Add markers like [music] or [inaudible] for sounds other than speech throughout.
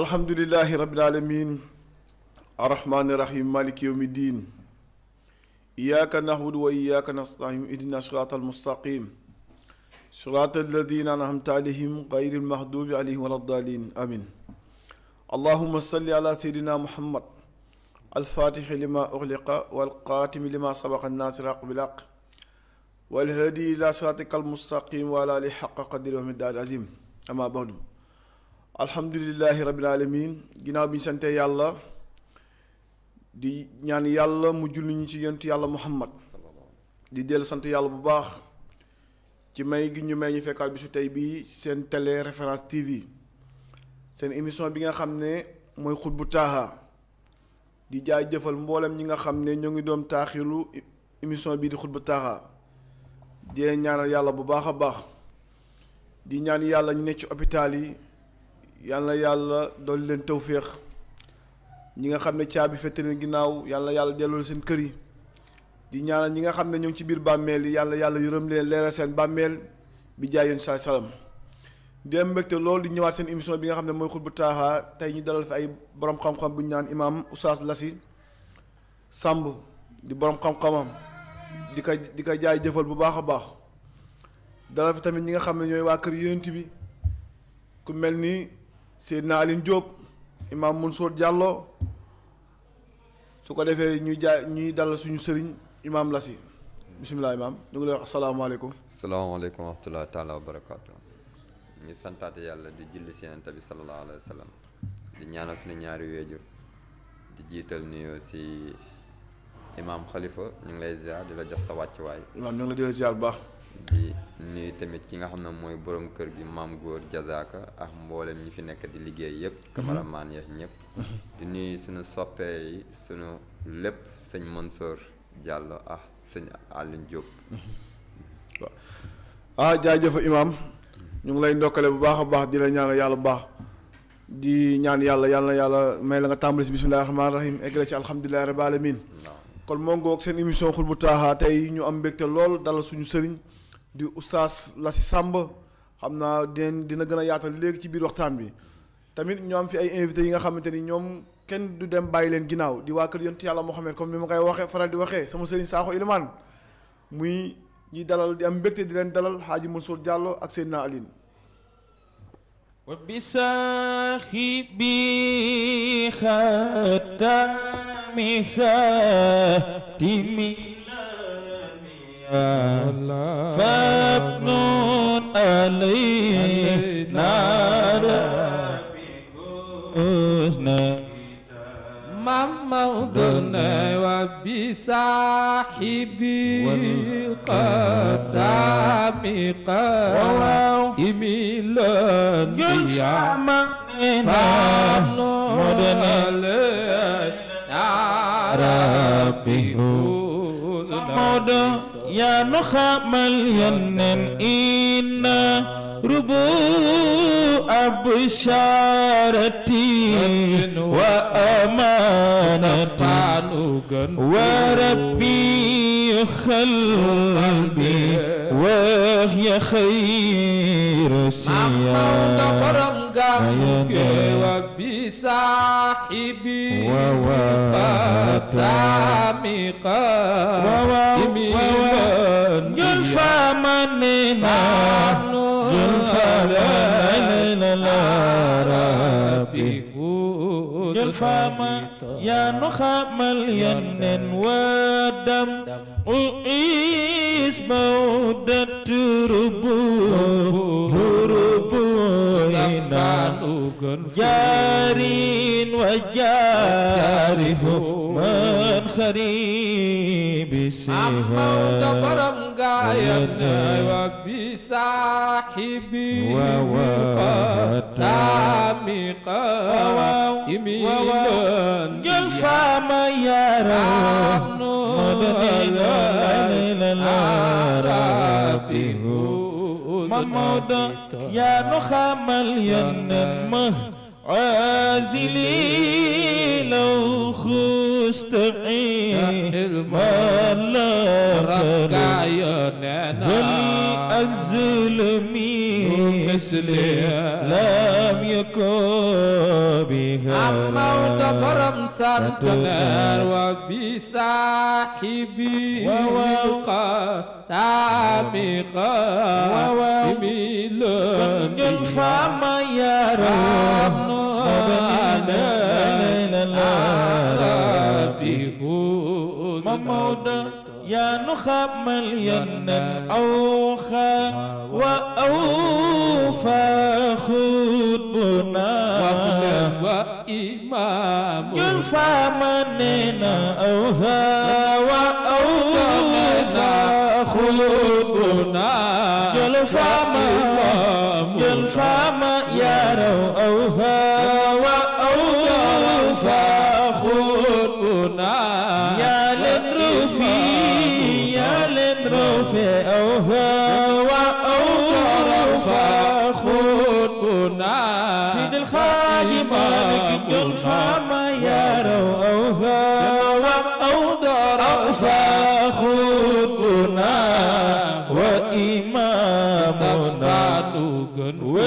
alhamdulillahi rabbil alamin arrahmani rahim maliki yawmi din iyyaka na'budu wa iyyaka nasta'in ihdina siratal mustaqim siratal ladina an'amta alayhim ghayril maghdubi alayhim waladdallin amin allahumma salli ala sayyidina muhammad alfatixi lima uxliqa walxaatimi lima sabaqa naasiraq bilaq walhaadi ila siratika almustaqim wa ala ali xaqa qadri wa miqdaari azim ama ba'du alhamdulillahi rabbil alamin ginnaaw bi ñu sante yàlla di ñaan yàlla mu julli ñu ci yonent yàlla muhammad di dellu sant yàlla bu baax ci may gi ñu may ñu fekkaat bisu tey bii seen tele référence TV seen émission bi nga xam ne mooy bu taaha di jaay jëfal mboolem ñi nga xam ne ñoo ngi doon taaxilu émission bii di xut bu taaha di ñaanal yàlla bu baax a baax di ñaan yàlla ñu nekk ci hôpital yi yàlla yàlla dool leen tawféex ñi nga xam ne caabi fete ne ginnaaw yàlla yàlla delloo seen kër yi di ñaanal ñi nga xam ne ñoo ci biir bàmmeel yi yàlla yàlla yërëm leen leeral seen bàmmeel bi jaay yéen saa salaam di am mbégte loolu di ñëwaat seen émission bi nga xam ne mooy bu taaxa tey ñu dalal fi ay borom xam-xam bu ñu naan imaam Oustaz Lassy sàmb di boroom xam-xamam di ko di ko jaay jëfal bu baax a baax dalal fi tamit ñi nga xam ne ñooy waa kër yonent bi ku mel Seydina Aline Diop imam Mansour jàlloo su ko defee ñuy jaay ñuy dalal suñu sëriñ imam Lassi bisimilah imam ñu ngi lay wax asalaamaaleykum. asalaamaaleykum wa rahmatulah taalaa wa barakaatu. ñu santaate yàlla di julli si Yonent bi sallallahu alayhi wa di ñaanal suñu ñaari weejur di jiital nuyoo si imam Khalifa ñu ngi lay ziar di la jox sa wàccuwaay. imam ñu ngi la di la bu baax. di nuyu tamit ki nga xam ne mooy borom kër bi maam góor jazaaka ak mboolem ñi fi nekk di liggéey yëpp mhm. cameraman yeex ñëpp mhm. di nuyu suñu soppee yi suñu lépp sëñ Mansour Diallo ah sëñ Alioune Diop mhm. waaw ah jaajëf imaam ñu ngi lay ndokkale bu baax a baax di la ñaanal yàlla bu baax di ñaan yàlla yàlla yàlla may la nga tàmbali si bisimilahi rahmaani rahim eggale ci alhamdulilahi rabbil kon moo ngoog seen émission xul bu taaxaa tey ñu am mbégte lool dalal suñu sëriñ di oustaz Lassi Samb xam naa dinañ dina gën a yaatal léegi ci biir waxtaan bi tamit ñoo am fi ay invités yi nga xamante ni ñoom kenn du dem bàyyi leen ginnaaw di waa kër yontu yàlla Mouhamed comme ni ma koy waxee faral di waxee sama sëriñ Sakho Ilimane muy ñuy dalal di am mbégte di leen dalal Hadji Mansour Diallo ak Seydina Aline وبصاحبي خاتم فابن علينا حسنا ممضنا وبصاحبي قد عمق إميلا يا مدنا لنا ربي حسنا yaa nu xamal yónneen inna rubu ab sharati wa amanati wa rabbi xalbi wa ya xayra siya صاحبي وختام قائمي جلف مننا جلف مننا ربي جلف من يا نخام الين ودم وإيس مودة ربو ربو جار وجاره من خريب السهام برم قاينا وبصاحبي وقدامي قائمي جلفا ما يرى مدلل Maodo yaa nu xamal yónneen ma عازلي لو خست علم الله ركع يا نانا والأزلمي مثله لم يكن بها الموت برم سنتنار وبصاحبي ووقع تعميقا وبميلون فما يرى مبنى moom Maodo yaa nu xamal yonnan awxa wa awfa xutbuna wa imaamu jul faama nee na awxa wa awfa xutbuna jul faama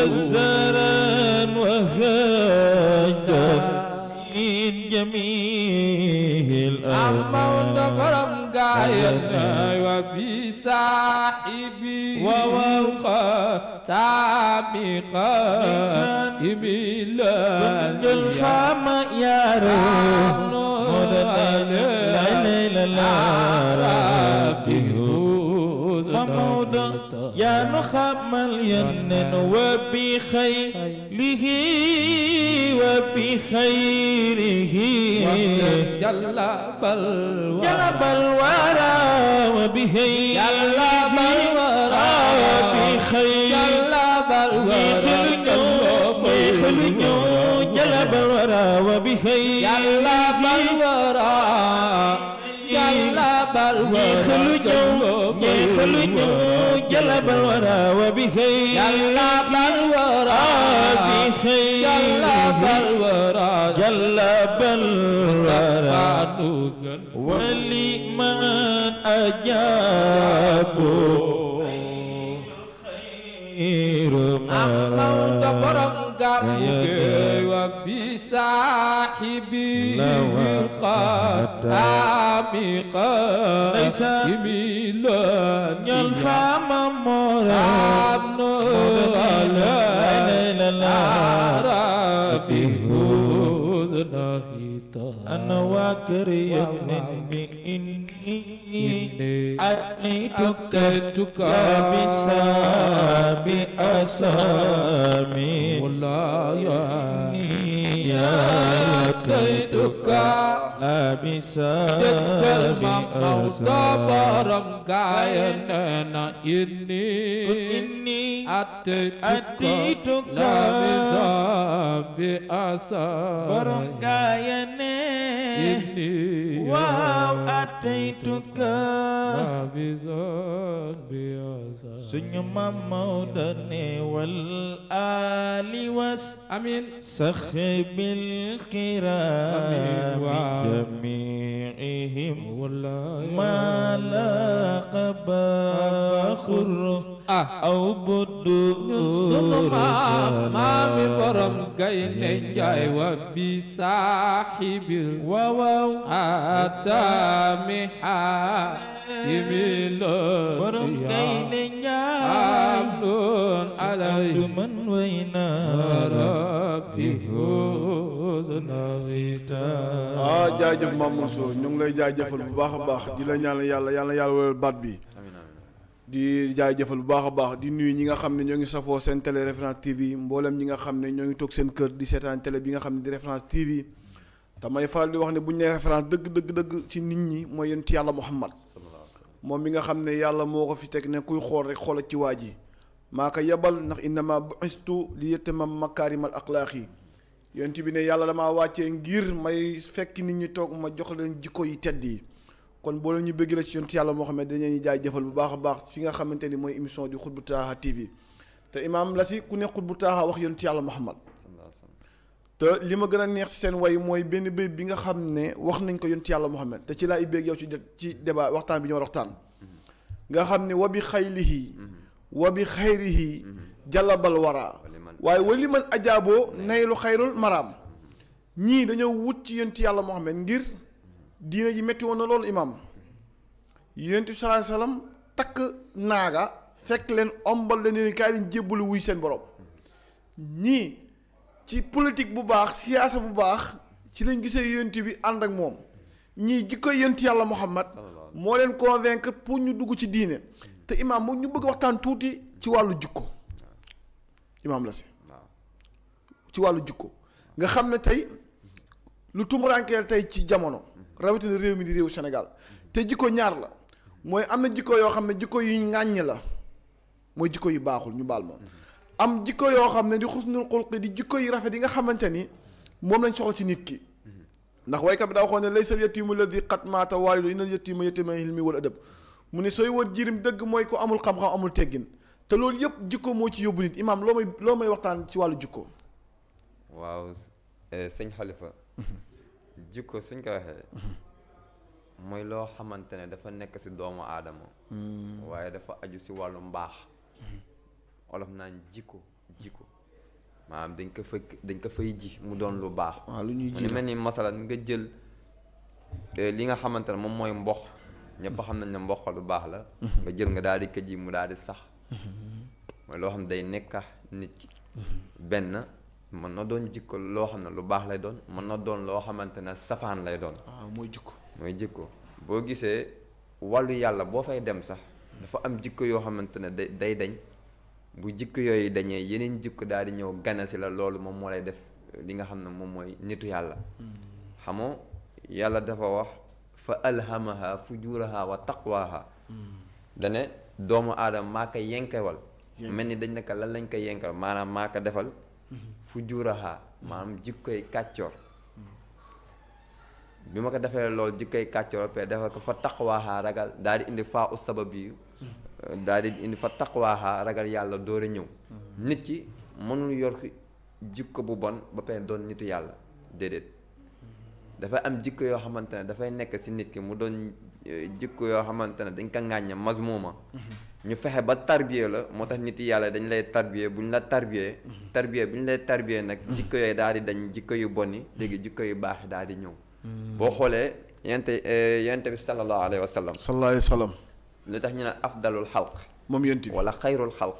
زرا وهجا من جميع الأرض ونقرم قايرنا وبصاحبي ووقع تعمقا بلا الفم يا رب لا لا لا yaa nu xamal yónneen wa bi xayrihi wa bi xayrihi jalabal wara wa bi xayrihi jalabal wara wa bi xayrihi جلب الورى وبخير جلب الورى بخير جلب الورى جلب الورى ولمن أجاب خير ما بصاحبه القدام قائم ينفع ممرا ابن على أنا وكر يمن من إني أتيتك بسابع أسامي ولا يعني yataytuka labisa dëkkal mam Maodo borom gaaya nee na inni inni ataytuka labisa bi asa borom gaaya nee inni waaw ataytuka labisa bi asa suñu mam Maodo nee wal ali was amin saxbi بالكرام جميعهم ما لاق باخر aw budd sunu maam maami borom gaynde wa bi saaxibil wawaw atami xaatimi loon borom gaynde njaay am loon alay man ah jaajëf Mamour Sow ñoo ngi lay jaajëfal bu baax baax di la ñaanal yàlla yàlla yàlla wéral baat bi di jëfal bu baax a baax di nuyu ñi nga xam ne ñoo ngi safoo seen télé référence TV mboolem ñi nga xam ne ñoo ngi toog seen kër di seetaan tele bi nga xam ne di référence TV te faral di wax ne bu ñu nee référence dëgg dëgg dëgg ci nit ñi mooy yonent yàlla Muhammad moom mi nga xam ne yàlla moo ko fi teg ne kuy xool rek xoolal ci waa ji maa ko yebal ndax innama bu'istu li yatamma makaarimal axlaaq yi yonent bi ne yàlla damaa wàccee ngir may fekk nit ñi toog ma jox leen jikko yi tedd yi kon boo leen ñu bëgg la ci yonent yàlla moo xam ne dañu jaay jëfal bu baax a baax fi nga xamante ni mooy émission di xutbu taaha TV te imaam la si ku ne xutbu taaha wax yonent yàlla Muhammad te li ma gën a neex si seen way mooy benn béy bi nga xam ne wax nañ ko yonent yàlla Muhammad te ci laa ibbeeg yow ci ci débat waxtaan bi ñu war waxtaan nga xam ne wa bi xaylihi mm-hmm. wa bi xayrihi mm-hmm. jalabal wara waaye wali man ajaaboo naylu xayrul maraam ñii dañoo wut ci yonti yàlla Muhammad ngir diina ji metti woon na loolu imaam yonent bi sallallahu takk naaga fekk leen ombal leen ni kaay leen jébbalu wuy seen borom ñii ci politique bu baax siyaasa bu baax ci lañ gisee yonent bi ànd ak moom ñii jikko yonent yàlla Muhammad moo leen convaincre pour ñu dugg ci diine te imaam moom ñu bëgg waxtaan tuuti ci wàllu jikko imaam la si ci wàllu jikko nga xam ne tey lu tumurankeel tey ci jamono rawatina réew mi di réew Sénégal te jikko ñaar la mooy am na jikko yoo xam ne jikko yu ŋàññ la mooy jikko yu baaxul ñu baal moom am jikko yoo xam ne di xusnul xulqi di jikko yu rafet yi nga xamante ni moom lañ soxla ci nit ki ndax waykat bi daa waxoon ne laysal yatiimu alladi qad maata waalidu inal yatiima yatiiman hilmi wal adab mu ne sooy wër jirim dëgg mooy ko amul xam-xam amul teggin te loolu yëpp jikko moo ci yóbbu nit imaam loo may loo may waxtaan ci wàllu jikko waaw eh, sëñ Xalifa mhm. jikko suñ ko waxee mhm. mooy loo xamante ne dafa nekk si doomu aadama mm. waaye dafa aju si wàllu mbaax mhm. olof naan jikko jikko maanaam dañ ko fa dañ ko fay ji mu doon lu baax waaw lu ji mel ni masala nga jël eh, li nga xamante ne moom mooy mboq ñëpp xam nañ ne mboq lu baax la nga jël nga daal di ko ji mu daal di sax mooy loo xam day nekka nit ki benn mën na doon jikko loo xam ne lu baax lay doon mën na doon loo xamante ne safaan lay doon. waaw ah, mooy jikko. mooy jikko boo gisee wàllu yàlla boo fay dem sax dafa am jikko yoo xamante ne day day dañ bu jikko yooyu dañee yeneen jikko daal di ñëw gane si la loolu moom moo lay def li nga xam ne moom mooy nitu yàlla. Hmm. xamoo yàlla dafa wax fa alhamaha fujuraha wa taqwaha. Hmm. dane doomu aadama maa ko yenkewal. mel ni dañ ne lan lañ ko yenkewal maanaam maa ko defal. fu juuraxaa maanaam jikkoy kàccoor bi ma ko defee loolu jikkoy kàccoor pe defal ko fa taqwaaxaa ragal daal di indi faa u sabab yi daal di indi fa taqwaaxaa ragal yàlla door a ñëw nit ki mënul yor jikko bu bon ba pare doon nitu yàlla déedéet dafay am jikko yoo xamante ne dafay nekk si nit ki mu doon jikko yoo xamante ne dañ ko ŋàññe mas mooma mhm. ñu fexe ba tarbiye la moo tax nit yàlla dañ lay tarbiye bu ñu la tarbiye mhm. tarbiye bu ñu lay tarbiye nag mhm. jikko yooyu daal di dañ jikko yu bon yi léegi jikko yu baax daal di ñëw boo xoolee yente eh, yente bi sallallahu alayhi wa sallam sallallahu alayhi wa sallam lu tax ñu ne afdalul xalq moom yent bi wala xayrul xalq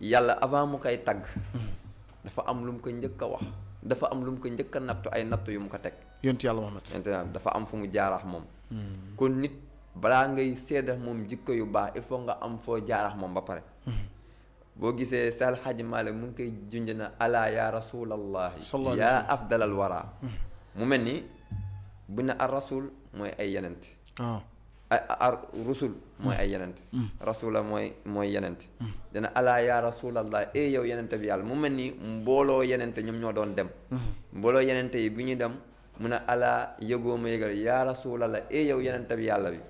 yàlla avant mu koy tagg dafa am lu mu ko njëkk a wax dafa am lu mu ko njëkk a nattu ay nattu yu mu ko teg yent yàlla Muhammad dafa am fu mu jaarax moom Mm-hmm. kon nit balaa ngay seedax moom jikko yu baax il faut nga am foo jaarax moom ba pare mm-hmm. boo gisee Sal Hadj Malick mu ngi koy junj na ala ya rasulallahi yaa afdalal wara mm-hmm. mu mel ni bu ne ar rasul mooy ay yenent ah. ar rusul mooy yenent mooy mooy yenent dina ala eh yow yenente bi yàlla mu mel ni mbooloo yenente ñoom ñoo doon dem mbooloo yenente yi bi ñuy dem mu ne alaa yëgoo ma yëgal yaa rasulallah e yow yenente bi yàlla bi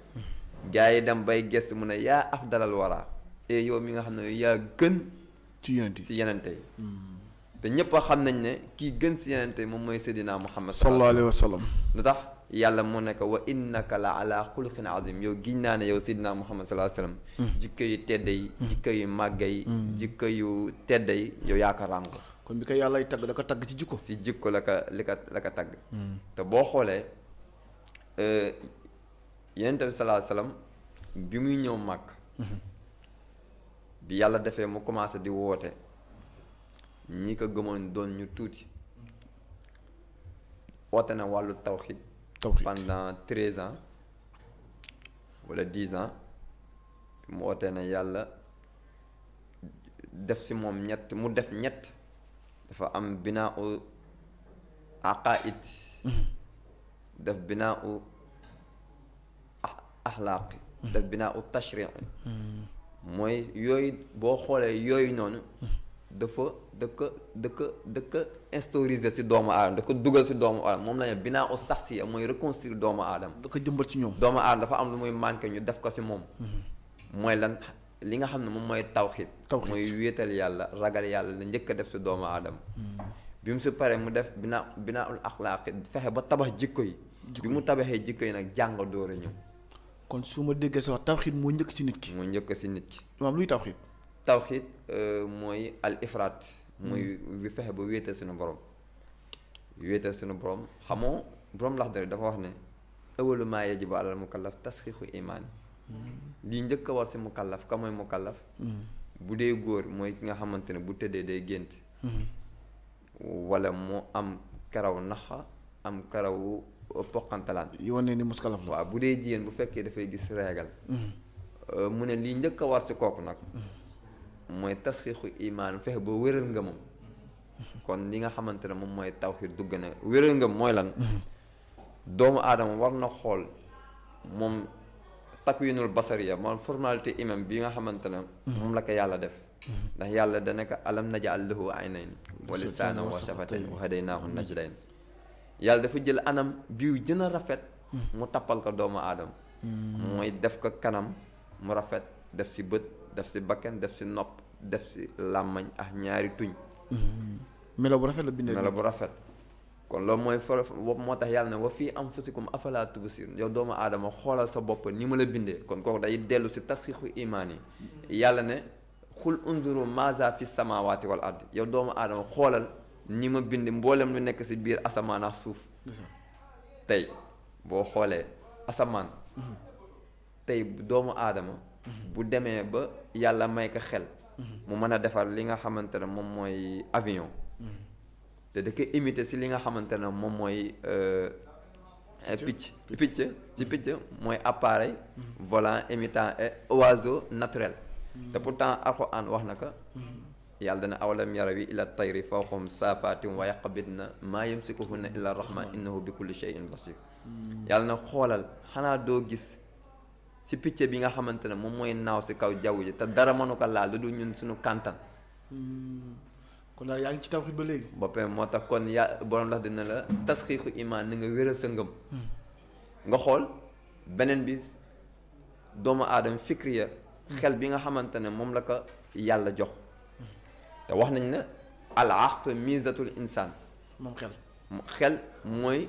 gars yi dem bay gest mu ne yaa afdalal wara e yow mi nga xam ne yaa gën ci yenente si yenente yi te xam nañ ne kii gën si moom mooy seydina muhammad sallallahu alayhi wa sallam lu tax yàlla mu nekk wa innaka la ala xuluqin azim yow giñ naa ne yow seydina muhammad sallallahu alayhi wa sallam mm. jikko yu tedd yi mm. jikko yu màgga yi mm. jikko yu tedd yi yow yaa ko kon bi ko yàllay tagg da ko tagg ci jikko si jikko la ka li ka la ko tagg hmm. te boo xoolee euh, yenente bi salaa salaam bi muy ñëw màkk hmm. bi yàlla defee mu commencé di woote ñi ko gëmoon doon ñu tuuti woote na wàllu tawxid pendant treize ans wala dix ans mu wootee na yàlla def si moom ñett mu def ñett dafa am binaa u aqaid mhm. daf binaa u ah, axlaaqi mhm. daf binaa u tashrii mhm. mooy yooyu boo xoolee yooyu noonu dafa dëkka dëkka dëkka instauriser si doomu aadama da dugal si doomu aadama moom la binaa u sax si mooy reconstruire doomu aadama da ko jëmbat ci ñoom doomu aadama dafa am lu muy manqué ñu def ko si moom mooy lan li nga xam ne moom mooy tawxit mooy wéetal yàlla ragal yàlla la njëkk a def si doomu aadama hmm. bi mu si paree mu def binaa binaul axlaaqi fexe ba tabax jikko yi bi mu tabaxee jikko yi nag jàng door ñëw kon su ma déggee sa wax tawxit moo njëkk si nit ki moo njëkk si nit ki maam luy tawxit tawxit euh, mooy al ifraat hmm. mooy bi fexe ba wéetal suñu borom wéetal suñu borom xamoo borom lax dara dafa wax ne awalu maa yajibu alal mukallaf tasxiixu imaani lii njëkk a war si mukallaf ka mooy mukallaf mm-hmm. bu dee góor mooy ki nga xamante ne bu tëddee day gént mm-hmm. wala mu am karaw naxa am karawu poqantalaan yu wane ni muskalaf la waaw bu dee jigéen bu fekkee dafay gis reegal mm-hmm. euh, mu ne lii njëkk a war si kooku nag mooy tasxiixu imaan fexe ba wéral nga kon li nga xamante ne moom mooy taw tawxiid dugg na wéral nga mooy lan doomu aadama war na xool moom takk takwinul basariya moom formalité imam bi nga xamante ne moom la ko yàlla def ndax yàlla dana ko alam naj'al lahu aynayn wa wax wa shafatayn wa hadaynaahu najdayn yàlla dafa jël anam biu jën a rafet mu tappal ko doomu aadama mooy def ko kanam mu rafet def si bët def si bakkan def si nopp def si làmmañ ak ñaari tuñ melo bu rafet la bindee melo bu rafet kon loolu mooy fara moo tax yàlla ne wa fii am anfusikum afalaa tubsiruun yow doomu aadama xoolal sa bopp ni ma la bindee kon kooku day dellu si tasixu imaan yi mm-hmm. yàlla ne xul unzuru maaza fi samawaati wal ardi yow doomu aadama xoolal ni ma bind mbooleem lu nekk si biir asamaan ak suuf tey boo xoolee asamaan mm-hmm. tey doomu aadama mm-hmm. bu demee ba yàlla may ko xel mu mën a defar li nga xamante ne moom mooy avion te da koy imiter si li nga xamante ne moom mooy. Euh, picc picc ci picc mooy appareil. Mm-hmm. volant imitant oiseau naturel. te mm-hmm. pourtant alxuraan wax na ko. Mm-hmm. yàlla dana awalam yaraw yi ila tayri fawqahum saafatin wa na maa si ko yumsikuhunna illa rahman innahu bi kulli shay'in basir yàlla na xoolal xanaa doo gis si picc bi nga xamante ne moom mooy naaw si kaw jaww ji te dara mënu ko laal lu dul ñun suñu kàntan kon yaa ngi ci tawxiid ba léegi. boppam moo tax kon ya borom ndax dina la tasxiixu imaan na nga wéral sa ngëm. Hmm. xool beneen bi doomu aadama fikriya hmm. xel bi nga xamante ne moom la ko yàlla jox. te wax nañ ne al aql mizatul insaan. moom xel xel mooy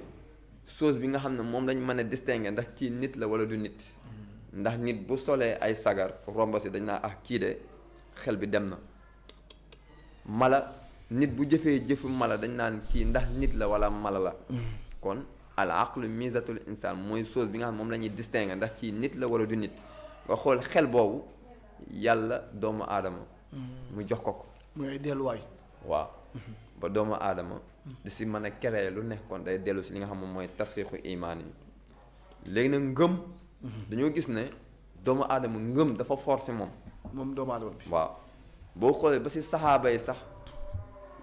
soos bi nga xam ne moom lañ mën a distinguer ndax ci nit la wala du nit. Hmm. ndax nit bu solee ay sagar romb si dañ naa ah kii de xel bi dem na mala nit bu jëfee jëfu mala dañ naan kii ndax nit la wala mala la mm. kon al aqlu misatul mooy chose bi nga xam moom la ñuy distinguer ndax kii nit la wala du nit nga xool xel boobu yàlla doomu aadama mm. mu jox ko ko muy delluwaay waaw mm-hmm. ba doomu aadama mm. di si mën a créer lu nekk kon day dellu si li nga xam moom mooy tasxiixu imaan léegi nag ngëm mm-hmm. dañoo gis ne doomu aadama ngëm dafa forcé moom moom doomu aadama bi waaw boo xoolee ba si saxaaba yi sax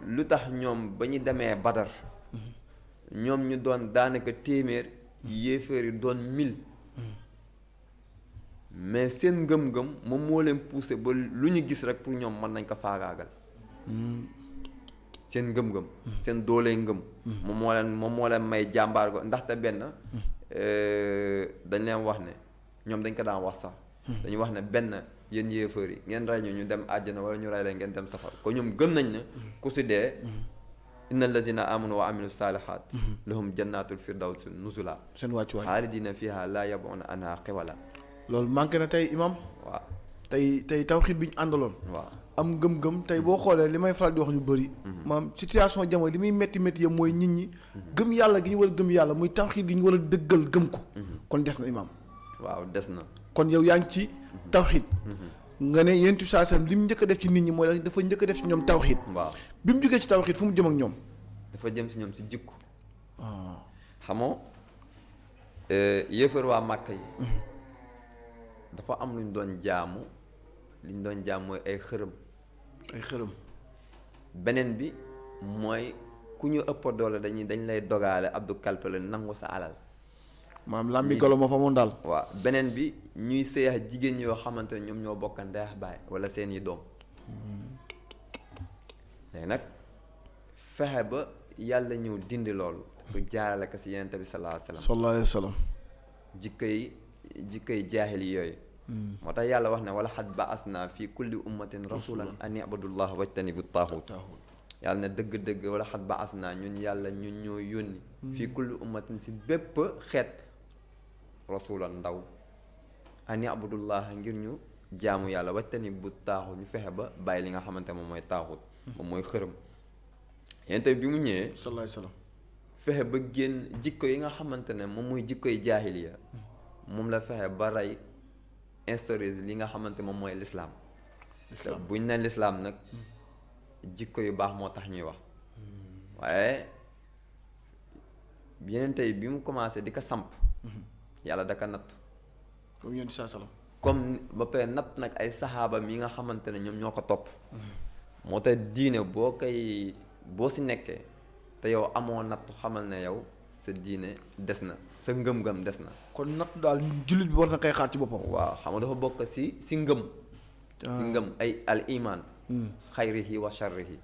lu tax ñoom ba ñu demee Badar ñoom ñu doon daanaka téeméer yéeféer yi doon mille mais seen ngëm-ngëm moom moo leen poussé ba lu ñu gis rek pour ñoom mën nañ ko faagaagal seen ngëm-ngëm seen doolee ngëm moom moo leen may jàmbaar ko ndaxte benn hmm. euh, dañ leen wax ne ñoom dañ ko daan wax sax hmm. dañu wax ne benn yéen yéefar yi ngeen rey ñu ñu dem àjjana wala ñu rey leen ngeen dem safar ko ñoom gëm nañ ne ku si dee inna allazina amanu wa amilu salihat lahum jannatul firdaws nuzula seen wàccuwaay xaalidina fiha laa yabuna anha xiwala loolu manqué na tey imam waaw tey taw tawxiid bi ñu àndaloon waaw am gëm-gëm tey boo xoolee li may faral di wax ñu bëri mhm. maam situation jamono li muy métti métti yëpp mooy nit ñi mhm. gëm yàlla gi ñu war a gëm yàlla muy tawxiid gi ñu war a dëggal gëm ko mhm. kon des na imam waaw des na kon yaa ngi tawxiit nga ne yentu bi saa sallam li mu njëkk def ci nit ñi mooy dafa njëkk a def ci ñoom tawxid waaw bi mu jógee ci tawxid fu mu jëm ak ñoom dafa jëm si ñoom si jikko ah. xamoo eh, yéefar waa màkk yi mm-hmm. dafa am luñ doon jaamu liñ doon jaam mooy ay xërëm ay xërëm beneen bi mooy ku ñu ëpp doole dañuy dañ lay dogaale abdu kalpe la nangu sa alal maam lambi golo moo fa moom daal. waaw beneen bi ñuy seeyax jigéen yoo xamante ne ñoom ñoo bokk ndeex baay wala seen i doom. Hmm. léegi nag fexe ba yàlla ñëw dindi loolu. bu jaarale ko si yonent bi sallallahu alayhi wa sallam. jikkay jikkay jaahil yooyu. Hmm. moo tax yàlla wax ne wala xat ba as naa fii kulli ummatin rasulan an ibudullah wajtanibu taaxut yàlla ne dëgg-dëgg wala xat ba as naa ñun yàlla ñun ñoo yónni. Hmm. fii kulli ummatin si bépp xeet. rasulan ndaw ani abdullah ngir ñu jaamu yàlla wajtani bu taaxut ñu fexe ba bàyyi li nga xamante moom mooy taaxut moom mooy xërëm yonent bi mu ñëwee salaay salaam fexe ba génn jikko yi nga xamante ne moom mooy jikkoy jaahiliya moom la fexe ba rey li nga xamante moom mooy lislaam buñ ne lislaam nag jikko yu baax moo tax ñuy wax hmm. waaye yeneen tey bi mu commencé di ko samp hmm. yàlla daka nattu. comme yéen saa comme ba pare natt nag ay saxaabam yi nga xamante ne ñoom ñoo ko topp. moo tax diine boo koy boo si nekkee te yow amoo nattu xamal ne yow sa diine des na sa ngëm-ngëm des na. kon nattu daal jullit bi war na koy xaar ci boppam. waaw xam nga dafa bokk si si ngëm. si ah. ngëm ay al iman. Hmm. xayrihi wa sharrihi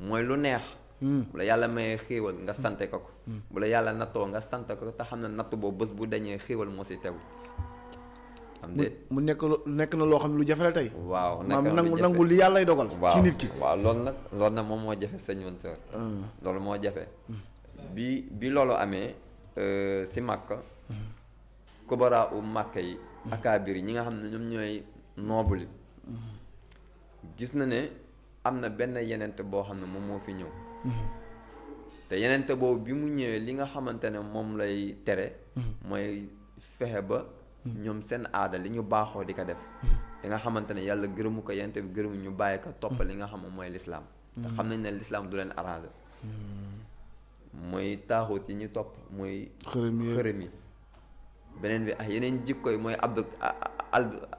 mooy lu neex. Hmm. bu la yàlla mayee xéewal nga sante ko ko hmm. bu la yàlla nattoo nga sante ko te xam ne natt boobu bés bu dañee xéewal moo si tegu am déet mu nekk nekk na loo xam ne lu jafe la waaw maanaam nangu nangu li yàllay dogal ci nit ki waaw loolu nag loolu nag moom moo jafe sëñ Mansour hmm. loolu moo jafe bi bi loolu amee euh, si Makka kubaraa u Makka yi akaabir yi ñi nga xam ne ñoom ñooy noobuli gis na ne am na benn yeneent boo xam ne moom moo fi ñëw te yeneen te boobu bi mu ñëwee li nga xamante ne moom lay tere. mooy fexe ba. ñoom seen aada li ñu baaxoo di ko def. te nga xamante ne yàlla gërëmu ko yeneen bi gërëmu ñu bàyyi ko topp li nga xam mooy lislaam te xam nañ ne lislaam du leen arrangé. mooy taaxut yi ñu topp mooy. xërëm yi beneen bi ak yeneen jikko yi mooy abdu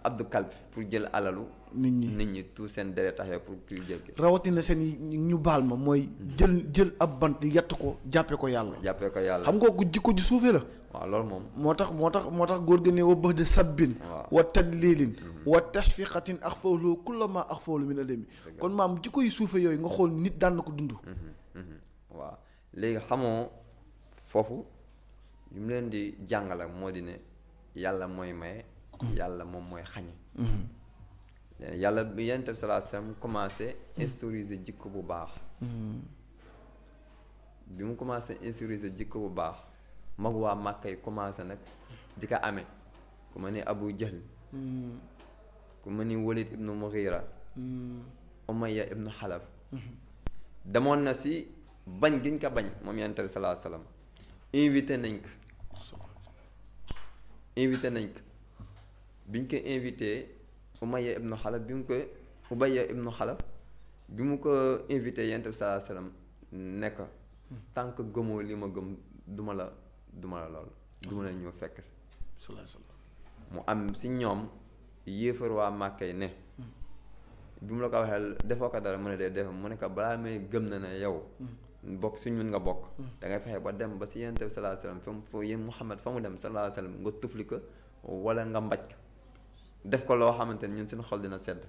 abdu kalb pour jël alalu. nit ñi nit ñi tout seen deret taxee pour pour jël rawatina seen ñu baal ma mooy mm-hmm. jël jël ab bant yett ko jàppee ko yàlla jàppee ko yàlla xam nga ko jikko ju suufee la waaw loolu moom moo tax moo tax moo tax góor gi ne wa bëx de sabbin wa tadlilin mm-hmm. wa tashfiqatin ax fawlu kullama ax fawlu min alami kon maam jikko yu suufe yooyu nga xool nit daan na ko dund mm-hmm, waa léegi xamoo foofu li mu leen di jàngale moo di ne yàlla mooy maye yàlla moom mooy xañe yàlla bi yonent bi sallallahu alayhi wasallam commencé instauriser jikko bu baax hmm. bi mu commencé instauriser jikko bu baax mag waa Màkka yi commencé nag di ko amee ku ma ni Abu Jahl hmm. ku ma ni Walid ibnu Mughira hmm. Umayya ibnu Xalaf demoon na si bañ giñ ko bañ moom yonent bi sallallahu alayhi wasallam invité nañ ko nañ ko biñ ko invité Umayya ibnu Xalaf bi mu ko Ubayya ibnu Xalaf bi mu ko invité yonent bi sallallahu alayhi wa nekk tant que gëmoo li ma gëm duma la duma la lool duma la ñëw fekk si mu am si ñoom yéefar waa Màkka yi ne bi mu la ko waxee defoo ko dara mu ne dee def mu ne ko balaa may gëm na ne yow bokk su ñun nga bokk da ngay fexe ba dem ba si yonent bi sallallahu alayhi fa mu fa mu dem sallallahu alayhi wa nga tufli ko nga mbaj def ko loo xamante ne ñun seen xol dina sedd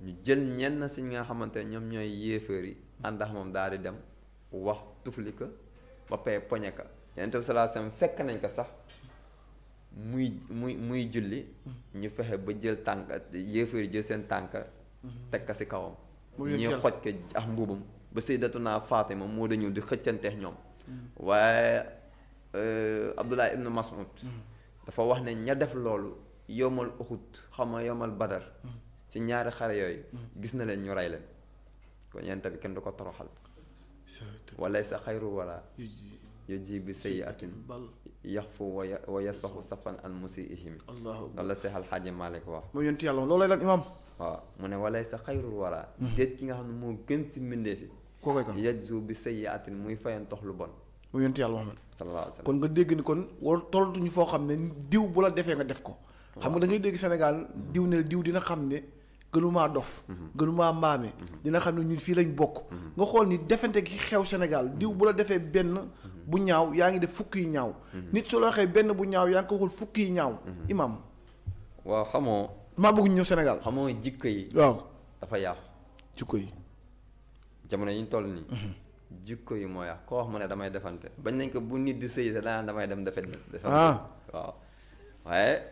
ñu jël ñenn si nga xamante ne ñoom ñooy yéeféer yi àndax moom daal di dem wax tufli ko ba pay poñe ka yonent bi fekk nañ ko sax muy muy muy julli ñu fexe ba jël tànk yéeféer yi jël seen tànk teg ko si kawam ñu xoj ko ak mbuubam ba sayyidatuna Fatima moo dañu di xëccanteex ñoom mm. waaye euh, Abdullah ibnu Mas'ud mm. dafa wax ne ña def loolu yomal uxut xaw yomal badar ci ñaari xare yooyu gis na leen ñu rey leen kon yonent bi kenn du ko toroxal wala sa xayru wala yu bi sayi atin yax fu wa yasfaxu safan an musi ihimi wala seex alxaaji Maalik wax mooy mu ne walay sa xayrul wara hmm. déet ki nga xam ne moo gën si mbindee fi kookoy bi sayi atin muy fayan lu bon mooy yonent yàlla Muhammad sallallahu kon nga dégg ni kon war tollutuñu foo xam ne diw bu la defee nga def ko xam nga dangay dégg senegal diw ne diw dina xam ne gënumaa dof mhm. gënumaa mbaame mhm. dina xam ne ñu fii lañ bokk mhm. nga xool ni defante gi xew senegal diw bu la defee benn bu ñaaw yaa ngi def fukk yi ñaaw nit su la benn bu ñaaw yaa ngi ko xool fukk yi ñaaw imam waaw xamoo maa bëgg ñu ñëw senegal xamoo jikko yi waaw dafa yàqu jikko yi jamono yi ñu toll nii jikko yi moo yàqu koo wax mu ne damay defante bañ nañ ko bu nit di sëy sa danaan damay dem defet ah. waaw waaye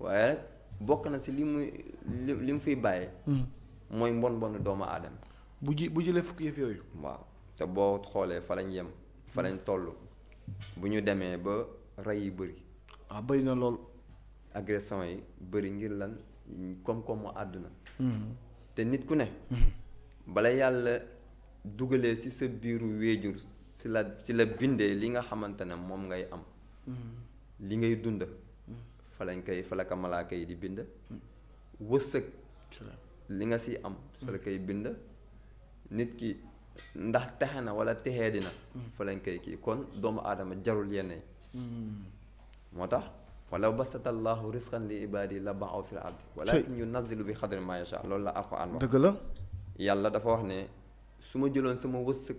waaye nag bokk na si li muy li li mu fiy bàyyee. Hmm. mooy mbon mbon doomu aadama. bu ji bu jëlee fukk yëf yooyu. waaw te boo xoolee falañ yem falañ lañ hmm. toll bu ñu demee ba rey yi bëri. ah bëri na lool. agression yi bëri ngir lan koom-koomu àdduna. Hmm. te nit ku ne. bala yàlla dugalee si sa biiru wéejur si la si la bindee li nga xamante ne moom ngay am. li ngay dund. fa lañ koy fa di bind wërsëg li nga ci am fa bind nit ki ndax texe na wala texee dina fa lañ koy kii kon doomu aadama jarul yenn moo tax walla basata allahu risqan li ibadi la baaw fil ardi ñu yunazilu bi xadri ma yacha loolu la alquran wax dëgg la yàlla dafa wax ne su ma jëloon suma wërsëg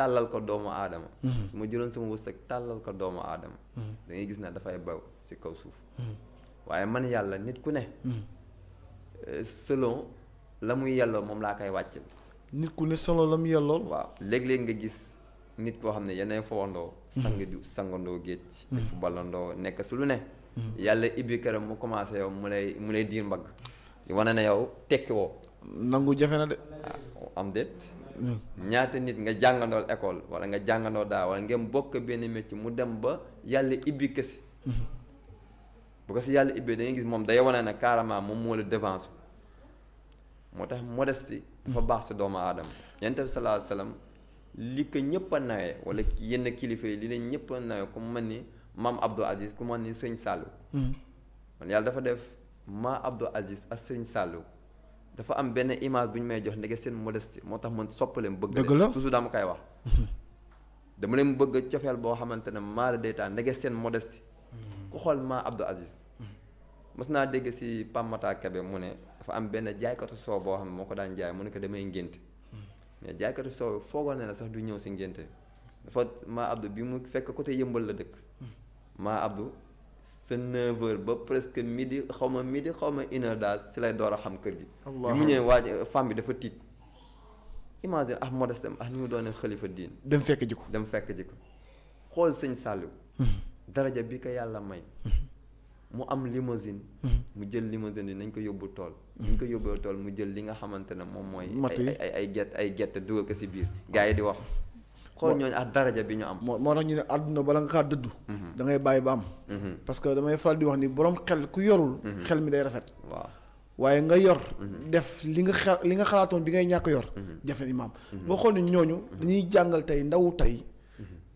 tàllal ko doomu aadama mhm. su ma jëloon sama wërsëg tàllal ko doomu aadama mhm. da ngay gis ne dafay baw si kaw suuf mhm. waaye man yàlla nit ku ne euh, selon la muy yelloo moom laa koy wàccal nit ku ne selon la léeg nga gis nit koo xam ne yeneen fowandoo sang ju sangandoo géej fubalandoo nekk su lu ne yàlla ibbi këram mu commencé yow mu lay mu lay diir mbagg wane ne yow tekki woo nangu jafe na de ah, am déet ñaata nit nga jàngandoo école wala nga jàngandoo daa wala ngeen bokk benn métier mu dem ba yàlla ibbi kësi bu ko si yàlla ibbee da gis moom day wane ne carrément moom moo la devance moo tax modestie dafa baax si doomu aadama yonent bi sallallahu alayhi li ko ñëpp a nawee yenn kilifa yi li leen ñëpp a ku man ni maam Abdou Aziz ku man ni sëñ Sallou man hmm. yàlla dafa def maa Abdou Aziz ak sëñ Sallou dafa am benn image bu ñu may jox ndege seen modestie moo tax man soppaleem bëgg dëgg la toujours dama koy wax [laughs] dama leen bëgg cofeel boo xamante ne maa de taa ndege seen modestie hmm. ku xool maa Abdou Aziz mës hmm. naa dégg si Pamata Kebe mu ne dafa am benn jaaykatu soow boo xam ne moo ko daan jaay mu ne ko damay ngénte hmm. mais jaaykatu soow foogoon ne na sax du ñëw si ngénte dafa maa Abdou bi mu fekk côté yëmbal la dëkk maa Abdou sa 9 ba presque di xaw ma di xaw ma une daal si lay door a xam kër gi. bi mu ñëwee waaj femme bi dafa tiit. imagine ah modeste am ah ni mu doonee xalifa diin. dem fekk ji ko dem fekk xool sëñ Saliou. Mhm. daraja bi ko yàlla may. Mhm. mu am limousine. Mhm. mu jël limousine bi nañ ko yóbbu tool. ñu ko yóbbu tool mu jël li nga xamante ne moom mooy. ay ay ay gett ay gett dugal ko si biir. gaa yi di wax xool ñooñu ak daraja bi ñu am. moo moo tax ñu ne àdduna bala nga kaa dëddu. Mhm. da ngay bàyyi ba am. Mhm. parce que damay faral di wax ni borom xel ku yorul. Mhm. xel mi day rafet. waaw waaye nga yor. def li nga xel li nga xalaatoon bi ngay ñàkk yor. jafe ni maam. boo xool ni ñooñu. dañuy jàngal tey ndaw tey.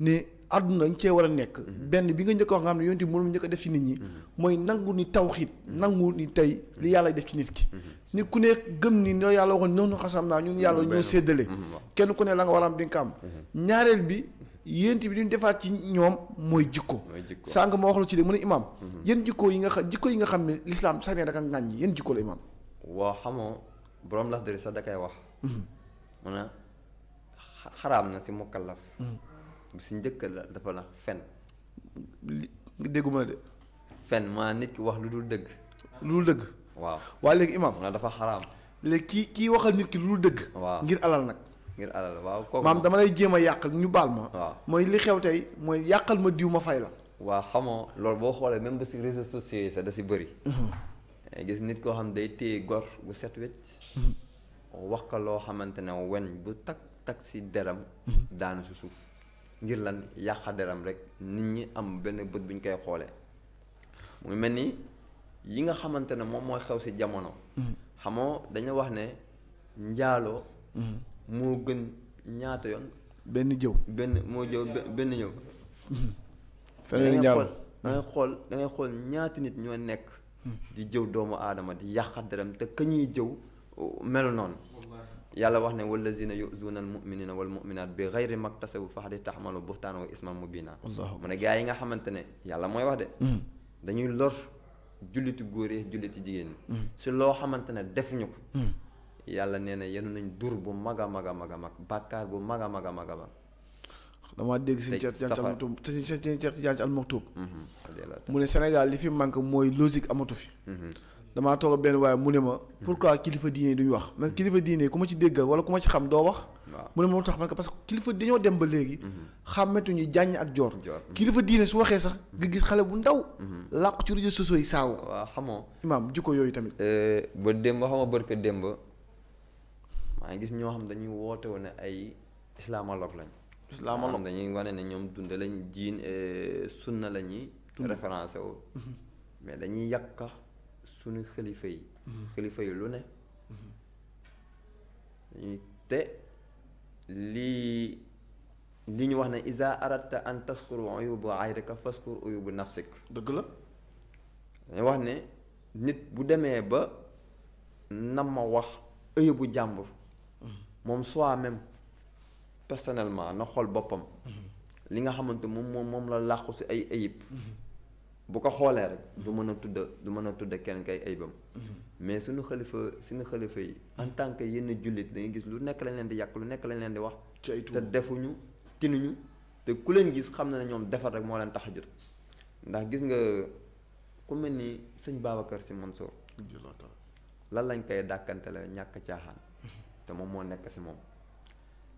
ni àdduna ñu cee war a nekk. benn bi nga njëkk wax nga xam ne yonent bi mënul njëkk a def ci nit ñi. mooy nangu ni tawxiit nangu ni tey li yàlla def ci nit ki. nit ku ne gëm ni ñoo yàlla noonu xasam naa ñun yàlla ñoo séddale mm-hmm. kenn ku ne la nga war a am nga am mm-hmm. ñaareel bi yéen bi li defaat ci ñoom mooy jikko sànq ma wax la ci léegi mu ne imaam mm-hmm. yéen jikko yi nga xam jikko yi nga xam ne lislaam sax ne daka ngàññ yi yéen jikko la imaam waaw xamoo borom lax dëri sax da koy wax mu ne xaraam na si mukallaf si njëkk la dafa la fen dégguma de fen maa nit ki wax lu dul dëgg lu dul dëgg waaw waaye léegi imaam. na dafa xaraam. léegi kii kii waxal nit ki lu dul dëgg. waaw ngir alal nag. ngir alal waaw kooku maam dama lay jéem a yàqal ñu baal ma. waaw mooy li xew tey mooy yàqal ma diw ma fay la. waaw xamoo loolu boo xoolee même ba si réseaux sociaux yi sax bëri. Mhm. Eh, gis nit koo xam day téye gor gu set wecc. Mhm. ko loo xamante ne weñ bu tak tak si deram. Mhm. daanu si suuf ngir lan yàqa deram rek nit ñi am benn bët bu ñu koy xoolee. muy mel ni yi nga xamante ne moom mooy xew si jamono. Mm. xamoo dañu wax ne njaaloo. Mm. moo gën ñaata yoon. benn jëw benn moo jëw benn ñëw. [laughs] feneen njaaloo da xool da mm. xool ñaati nit ñoo nekk. di jëw doomu aadama di yàq deram te ka ñuy jëw uh, melu noonu. yàlla wax ne wallazina a al muminina wal muminat bi xayri mag tasawu fax di taxmalu buxtaan wa isman mubina mu ne gaa yi nga xamante ne yàlla mooy wax de. dañuy lor. julliti góor yi jigéen ñi. Mm. si loo xamante ne defuñu ko. Mm. yàlla nee na yenu nañ dur bu mag a mag a mag a mag bàkkaar bu mag a mag a mag a mag. damaa dégg seen ceex ci almaktub mu ne Sénégal li fi manque mooy logique amatu fi. Mm-hmm. damaa toog benn waaye mu ne ma. pourquoi kilifa diine yi duñu wax man kilifa diine yi ku ma ci déggal wala ku ma ci xam doo wax. mu ne ma tax man parce que kilifa dañoo dem ba léegi. Mhm. xàmmetuñu jàññ ak joor. Mhm. kilifa diine su waxee sax nga gis xale bu ndaw. Mhm. làqu ci réseaux sociaux yi saawu. waaw xamoo imaam jikko yooyu tamit. Euh, ba démb xam nga barke démb maa ngi gis ñoo xam dañuy woote woon ne ay islamologue lañ. islamologue dañuy wane ne ñoom dund lañ diin euh, sunna la ñuy. référencé wu mais dañuy yàq. suñu xalifa yi mm-hmm. xalifa yi lu ne mm-hmm. te lii li ñu wax ne isa aradta an taskur uyubu ayrika faskur uyubu nafsik dëgg la dañu wax ne nit bu demee ba na ma wax ayubu jàmbur mm-hmm. moom soi même personnellement na xool boppam li nga xamante moom moom la làqu si ay ayib bu ko xoolee rek du mën a tudd du mën a tudda kenn kay ayibam mhm. mais suñu xalifa suñu xalifa yi en tant que yenn jullit da gis lu nekk lañ leen di yàq lu nekk lañ leen di wax te defuñu tinuñu te ku leen gis xam na ne ñoom defar rek moo leen tax a jot ndax gis nga ku mel ni sëñ Babacar Sy Mansour lan lañ koy dàkkante la ñàkk caaxaan mhm. te moom moo nekk si moom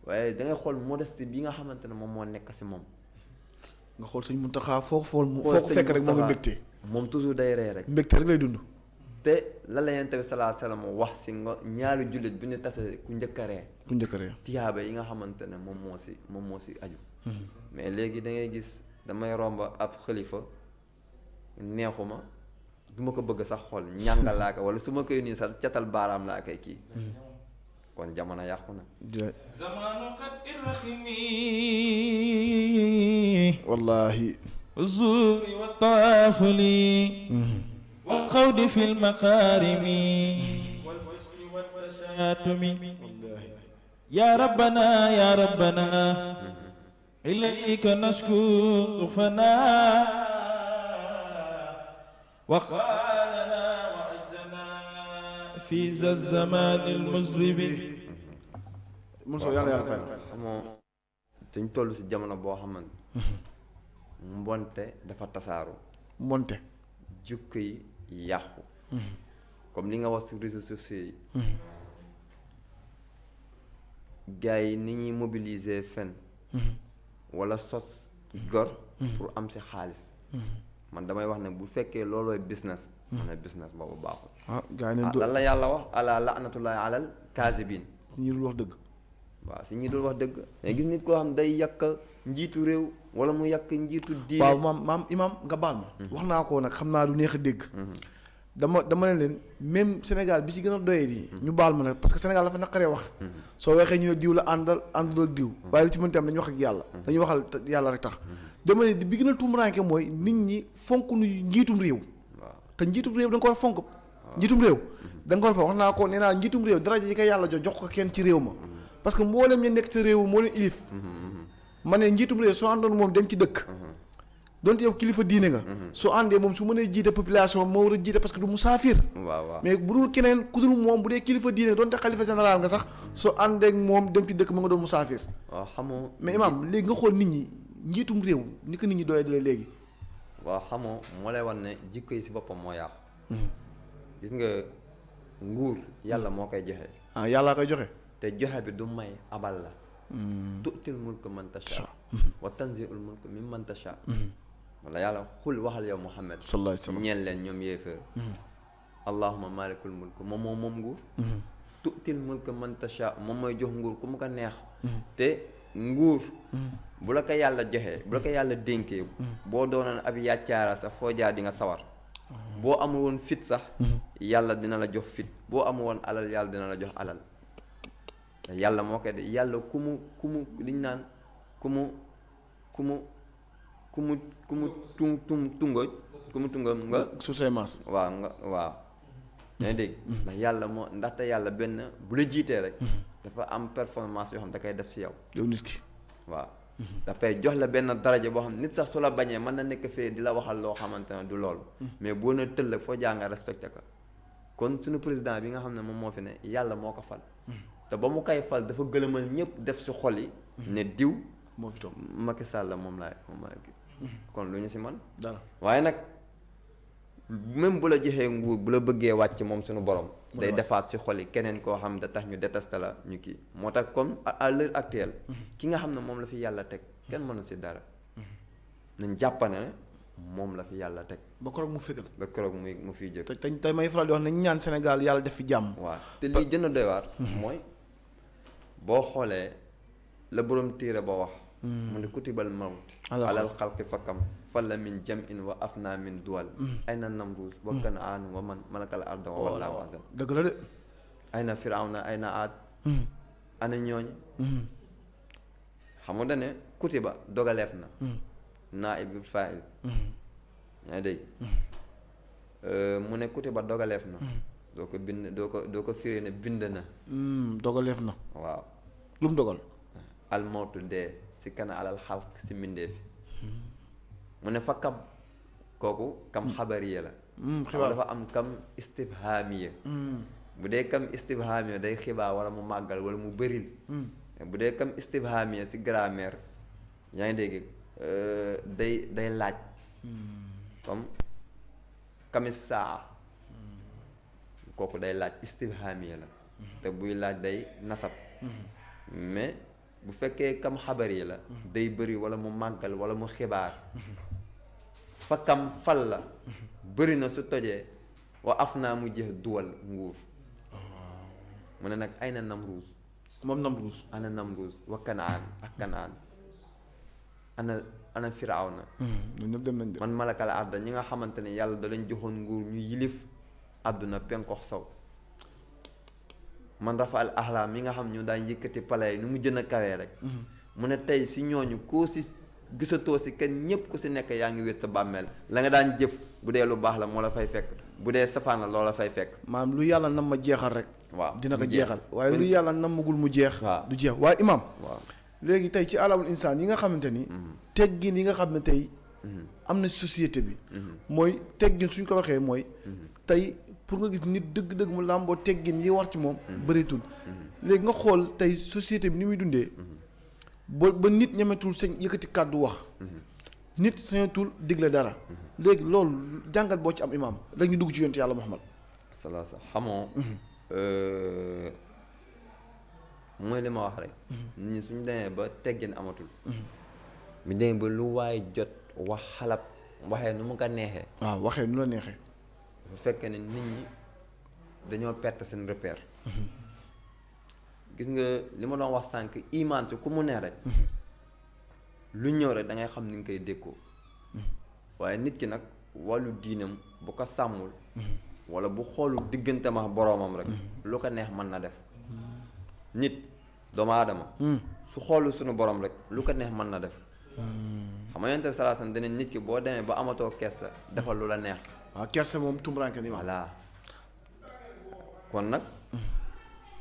waaye dangay xool modeste bi nga xamante ne moom moo nekk si moom nga xool suñ Muntaxa foo xool mu foo fekk rek moo ngi mbégte moom toujours day ree rek mbégte rek dund te la la yonent bi salaa wax si nga ñaari jullit bu ñu tasee ku njëkk ku njëkk a tiyaaba yi nga xamante ne moom moo si moom moo si aju hmm. mais léegi dangay gis damay romb ab xilifa neexuma du ma ko bëgg sax xool ñàngal laa ko wala su ma koy nii sa catal baaraam laa koy kii hmm. kon jamono yàqu na zamanu qad irrahimi wallahi الزور والطافل والقود في المقارم والفشل والتشاتم يا ربنا يا ربنا إليك نشكو فنا وقال fii za zamanil muslimin Moussa yàlla yàlla fay toll si jamono boo xamante mbonte dafa tasaaroo mbonte jukko yi yàqu comme li nga wax si réseaux sociaux yi ni ñuy mobiliser fen mm-hmm. wala sos gor mm-hmm. pour am ci xaalis mm-hmm. man damay wax ne bu fekkee loolooy business. Hmm. man ne business boobu baaxul. ah gars yi ah, lan la yàlla wax ala laanatullahi alal kaasibiin. ñi dul wax dëgg. waaw si ñi dul wax dëgg. mais gis nit koo xam day yàq njiitu réew wala mu yàq njiitu diine. waaw maam maam imaam nga baal ma. Hmm. wax naa ko nag xam naa du neex a dégg. Hmm. dama dama ne leen même senegal bi ci gën a doyee nii. ñu baal ma nag parce que Sénégal dafa naqaree wax. soo waxee ñu ne diw la àndal àndal diw. waaye li ci mënti am dañu wax ak yàlla. dañu waxal yàlla rek tax. dama ne bi gën a tumuraanke mooy nit ñi fonk nu njiitum réew. te njiitum réew da nga ko war fonk. njiitum réew. da ko war wax naa ko nee naa njiitum réew daraja yi ko yàlla jox jox ko kenn ci réew ma. Mm-hmm. parce que mboolem ña nekk ci réew moo mm-hmm. ma ne njiitum réew soo moom dem ci dëkk. Mm-hmm. donte yow kilifa diine nga. soo àndee moom su mënee jiite population moo war parce que du musaafir. waaw ku moom bu dee kilifa diine donte xalifa général nga sax soo àndee ak moom dem ci dëkk ma nga doon musaafir. xam nga mais imaam léegi nga xool nit ñi njiitum réew ni ko nit ñi doy léegi. waaw xamoo moo lay wan ne jikko yi si boppam moo yàqu. Hmm. gis nga nguur yàlla moo koy joxe. ah yàlla koy joxe. te joxe bi du may abal la. Hmm. tu'til mulka man tasha. [laughs] wa tanzi'ul mulka mimman tasha. Hmm. wala yàlla xul waxal yow Muhammad. sallallahu alayhi leen ñoom yéefar. allahumma malikul mulk moom moom moom nguur. tu'til mulka man tasha moom mooy jox nguur ku mu ko neex. te. nguur mm. bu la ko yàlla joxee bu la ko yàlla dénkee mm. boo doonoon ab yàccaara sax foo jaar di nga sawar mm. boo amul woon fit sax yàlla dina la jox fit boo amul woon alal yàlla dina la jox alal yàlla moo koy de yàlla ku mu ku mu liñ naan ku mu ku mu ku mu ku mu tung ku mu tungoj nga su say maas waaw nga waaw yaa ngi dégg mm-hmm. ndax yàlla moo ndaxte yàlla benn bu la jiitee rek mm-hmm. dafa am performance yoo xam ne koy def si yow yow nit ki waaw mm-hmm. dafay jox la benn daraja boo xam nit sax su la bañee mën na nekk fee di la waxal loo xamante ne du loolu mais boo na tëllëg foo jaa nga respecté kon suñu président bi nga xam ne moom moo fi ne yàlla moo ko fal te ba mu koy fal dafa gëlëmal ñëpp def si xol yi ne diw moo fi toog Macky Sall la moom laay moom laay kon lu ñu si man même bu la joxee nguur bu la bëggee wàcc moom suñu borom. day defaat si xol yi keneen koo xam da tax ñu déteste la ñu kii moo tax kon à l'heure actuelle. Mhm. ki nga xam ne moom la fi yàlla teg kenn mhm. mënu si dara. Mhm. nañ ne moom la fi yàlla teg. ba koroog mu fegal. ba koroog mu fiy jëkk. te tey may faral di wax nañ ñaan senegal yàlla def fi jàmm. waa te lii gën a doy waar. mooy boo xoolee la borom téere ba wax. mu ne kutibal mawt. alal xalqi fakkam falla min jam'in wa afna min duwal mm. ayna namrus wa mm. kan'aan wa man malakal arda wa wallaahu dëgg la de ayna firawna ayna aad mm. ana ñooñ xam nga ne kutiba dogaleef na naa'ib faa'il yaa euh, mu ne kutiba dogaleef na doo ko bind doo ko doo ko firee ne bind na dogaleef na waaw lu mu dogal almootu dee si kana alal xalq si mbindeef mu ne fa kam kooku kam mm. xabariya la mm, xibaar dafa am kam istifhaamiya mm. bu dee kam istifhaamiya day xibaar wala mu màggal wala mu bëril bu dee kam istifhaamiya si grammaire yaa ngi dégg euh, day day laaj comme kamis saa kooku day laaj istifhaamiya la mm-hmm. te buy laaj day nasab mm-hmm. mais bu fekkee kam xabar yi la mm-hmm. day bëri wala mu màggal wala mu xibaar fa kam fal la bëri na su tojee wa af naa mu jeex duwal nguur mu ne nag ay na Namruus moom Namruus ana Namruus wa Kanaan ak Kanaan ana ana Firawna hmm, man malakal àdda ñi nga xamante ne yàlla da leen joxoon nguur ñu yilif àdduna penkox saw man rafa al ahla nga xam ñu daan yëkkati pale yi nu mu jën kawee rek hmm. mu ne tey si ñooñu koo gisatoo si kenn ñëpp ku si nekk yaa ngi wéet sa bàmmeel la nga daan jëf bu dee lu baax la moo la fay fekk bu dee safaan la loola fay fekk. maam lu yàlla nam ma jeexal rek. waaw dina ko jeexal waaye lu yàlla namagul mu jeex. du jeex waaye imaam. waaw léegi tey ci alawul insaan yi nga xamante ni. Mm-hmm. teggin yi nga xam ne tey. Mm-hmm. am na société bi. Mm-hmm. mooy teggin suñ ko waxee mooy. tey pour nga gis nit dëgg-dëgg mu làmboo teggin yi war ci moom. bëreetul léegi nga xool tey société bi ni muy dundee. ba ba nit ñametul sëñ yëkkati kàddu wax nit sañatul digle dara léegi loolu jàngat boo ci am imaam rek ñu dugg ci yontu yàlla Muhammad salaasa xamoo euh, mooy li ma wax rek nit ñi suñu demee ba teggin amatul bu demee ba lu waaye jot wax xalab waxee nu mu ko neexee waaw waxee nu la neexee bu fekkee ne nit ñi dañoo perte seen repère gis nga li ma doon wax sànq imaan si ku mu ne rek. Mhm. lu ñëw rek da ngay xam ni nga koy dékkoo. Mhm. waaye nit ki nag wàllu diinam bu ko sàmmul. Mhm. wala bu xoolu diggante ma boroomam rek. lu ko neex mën na def. nit doomu aadama. su xoolu suñu borom rek lu ko neex mën na def. xam nga yonent bi salaasan dana nit ki boo demee ba amatoo kersa defal lu la neex. waaw kersa moom tumuraanke ni voilà kon nag.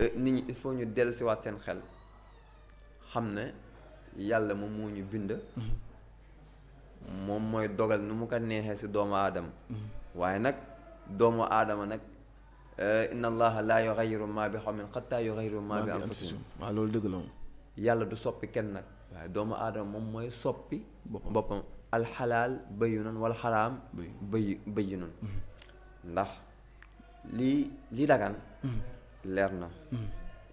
Euh, nit ñi il faut ñu dellusiwaat seen xel xam ne yàlla moom moo ñu bind. Mm-hmm. moom mooy dogal nu mu ko neexee si doomu aadama. Mm-hmm. waaye nag doomu aadama nag. Euh, inna allaha laa yughayyiru maa bi qawmin hattaa yughayyiru maa bi anfusihim. waaw loolu dëgg la moom. yàlla du soppi kenn nag. waaye doomu aadama moom mooy soppi. boppam boppam alxalaal bayyinun wal xaraam. bay bayyinun mm-hmm. ndax lii li dagan. leer na hmm.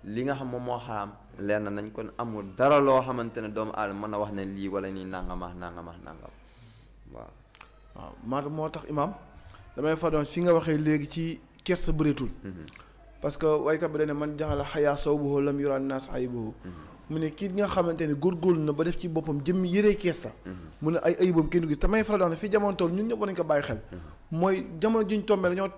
li nga xam moom moo xaam leer na nañ kon amul dara loo xamante ne doomu aadama mën na wax ne lii wala nii nangamaax nangamaax nangam waaw waaw maa moo tax imaam damay fa doon si nga waxee léegi ci kersa bëreetul mhm. parce que waykat bi dane man jaxala xayaa saw boo lam yuraan naas ayibahu mhm. mu ne kii nga xamante ne góorgóorlu na ba def ci boppam jëmm yére kees sax mhm. mu ne ay ayibam kenn du gis te may faral di wax ne fii jamono toll ñun ñëpp nañ ko bàyyi xel mooy jamono juñ tombee dañoo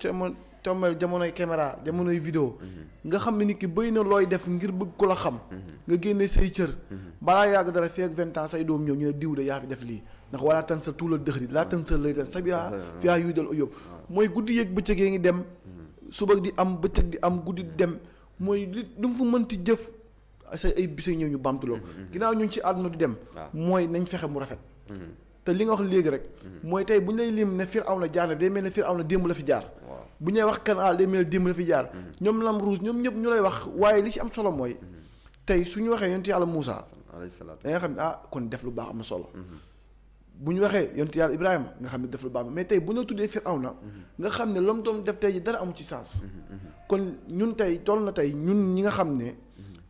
tombal jamonoy caméra jamonoy vidéo mhm. nga xam ne nit ki bëy na looy def ngir bëgg ko la xam mhm. nga génne say cër mhm. balaa yàgg dara fii ak vingt ans say doom ñëw ñu ne diw de yaa fi def lii ndax walaa tan sa tuulal dëxëri laa tan sa lay tan sa biaa fiaa yuy dal yóbbu mooy guddi yëg bëccëg yi ngi dem suba di am bëccëg di am guddi di dem mooy li lu mu fa mënti jëf say ay bise ñëw ñu bamtuloo ginnaaw ñu ngi ci àdduna di dem mooy nañ fexe mu rafet te li nga wax léegi rek mooy tey bu ñu lay lim ne fir aw na jaar na mel ne fir aw na démb la fi jaar bu ñuy wax canal day mel démb dafi jaar mhm. ñoom lam rouge ñoom ñëpp ñu lay wax waaye li ci am solo mooy mhm. tey su ñu waxee yonent yàlla Moussa da nga xam ne ah kon def lu baax am solo mhm. bu ñu waxee yonent yàlla Ibrahima nga xam ne def lu baax mais tey bu ñu tuddee na nga xam ne lam doon def tey ji dara amu ci sens kon ñun tey toll na tey ñun ñi nga xam ne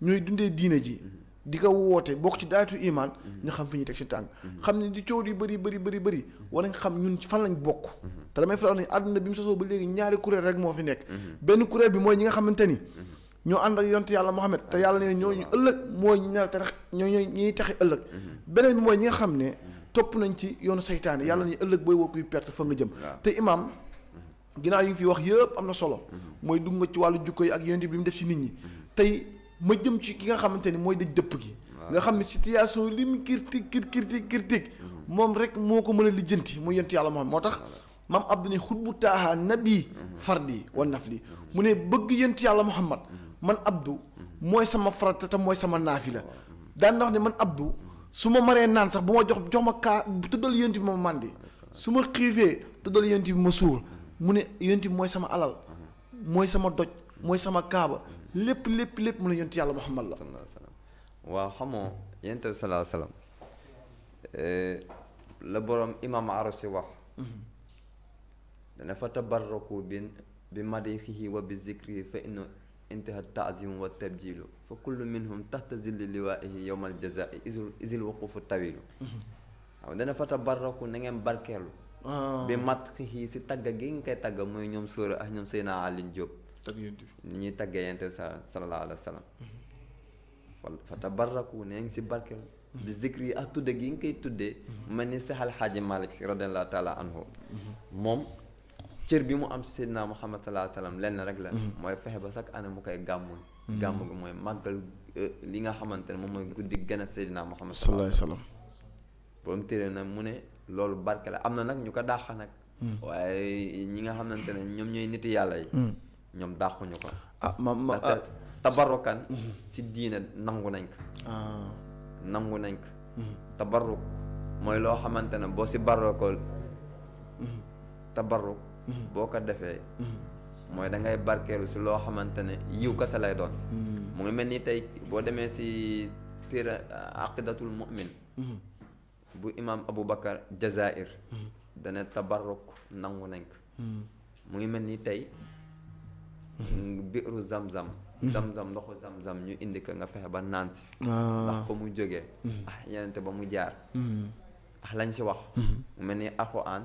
ñooy dundee diine ji di ko wootee bokk ci daayatu imaan mhm. ñu xam fi ñu teg si tànk mhm. xam ne di coow di bëri bëri bëri bëri war nañ xam ñun fan lañ bokk mhm. te damay faral ni àdduna bi mu sosoo ba léegi ñaari kuréel rek moo fi nekk benn kuréel bi mooy ñi nga xamante ni ñoo ànd ak yonte yàlla Muhammad te yàlla ne ñooñu ëllëg mooy ñu nar a ñoo ñooy ñuy taxi beneen bi ñi nga xam ne topp nañ ci yoonu seytaane yàlla ne ëllëg booy wokkuy perte fa nga jëm te imaam ginnaaw yi nga fi wax yëpp am na solo mooy dugg nga ci wàllu jukko yi ak yonte bi mu def si nit ñi ma jëm ci ki nga xamante ni mooy daj dëpp gi nga xam ne situation li mu critique critique critique moom rek moo ko mën a lijjanti muy yent yàlla moom moo tax maam Abdou ne xutbu taaha nabi mm-hmm. fardi wa nafli mm-hmm. mu ne bëgg yent yàlla Muhammad mm-hmm. man Abdou mooy sama farata te mooy sama naafila la daan na wax ne man Abdou su ma maree naan sax bu ma jox jox ma kaa tëddal yent bi ma màndi su ma xiifee tëddal yent bi ma suur mu ne yent bi mooy sama alal mooy sama doj mooy sama kaaba lépp lépp lépp mu ne yonent yàlla Muhammad la. waaw xamoo yonent bi salaa eh, la boroom imaam Arusi wax. Mhm. dana fa tabarraku bi bi madixihi wa bi zikrihi fa inna mhm. ah. mat xixi si tagg gi nga koy tagg mooy ñoom sóora ak ñoom Seyna Alioune Diop. tagg yonent bi ni ñuy taggee yonent bi sallallahu alayhi wa fa tabarraku ne ngi si barkel bi zikri yi ak tudde gi nga koy tuddee ma mhm. ni saxal xaaji Malick si radiallahu taala anhu mhm. moom cër bi mu am si Seydina Muhammad sallallahu alayhi wa lenn rek la mhm. mooy fexe ba sax ana mu koy gàmmul gàmm gi mooy euh, li nga xamante ne moom mooy guddi gën a Seydina Muhammad sallallahu alayhi wa sallam boobu mu téree nag mu ne loolu barke la am na nag ñu ko dàq nag mm. waaye ñi nga xamante ne ñoom ñooy nit yàlla yi mm. ñoom dàquñu ko. ah ma ma ah. tabarukan si diine nangu nañ ko. Ah. nangu nañ ko. Mhm. tabaruk mooy loo xamante ne boo si barokol mhm. tabaruk mhm. boo ko defee. mooy dangay ngay barkeelu si loo xamante ne yiw sa lay doon. mu ngi mel ni tey boo demee si téere aqidatul mu'min bu imaam Aboubacar Jazair. dana tabaruk nangu nañ ko. mu ngi mel ni tey. Mm-hmm. Mm-hmm. biiru zam-zam mm-hmm. zam-zam ndoxu zam-zam ñu indi ko nga fexe ba naan si ah. ndax fa mu jógee ah yenente ba mu jaar ah lañ si wax mu mel ni alxuraan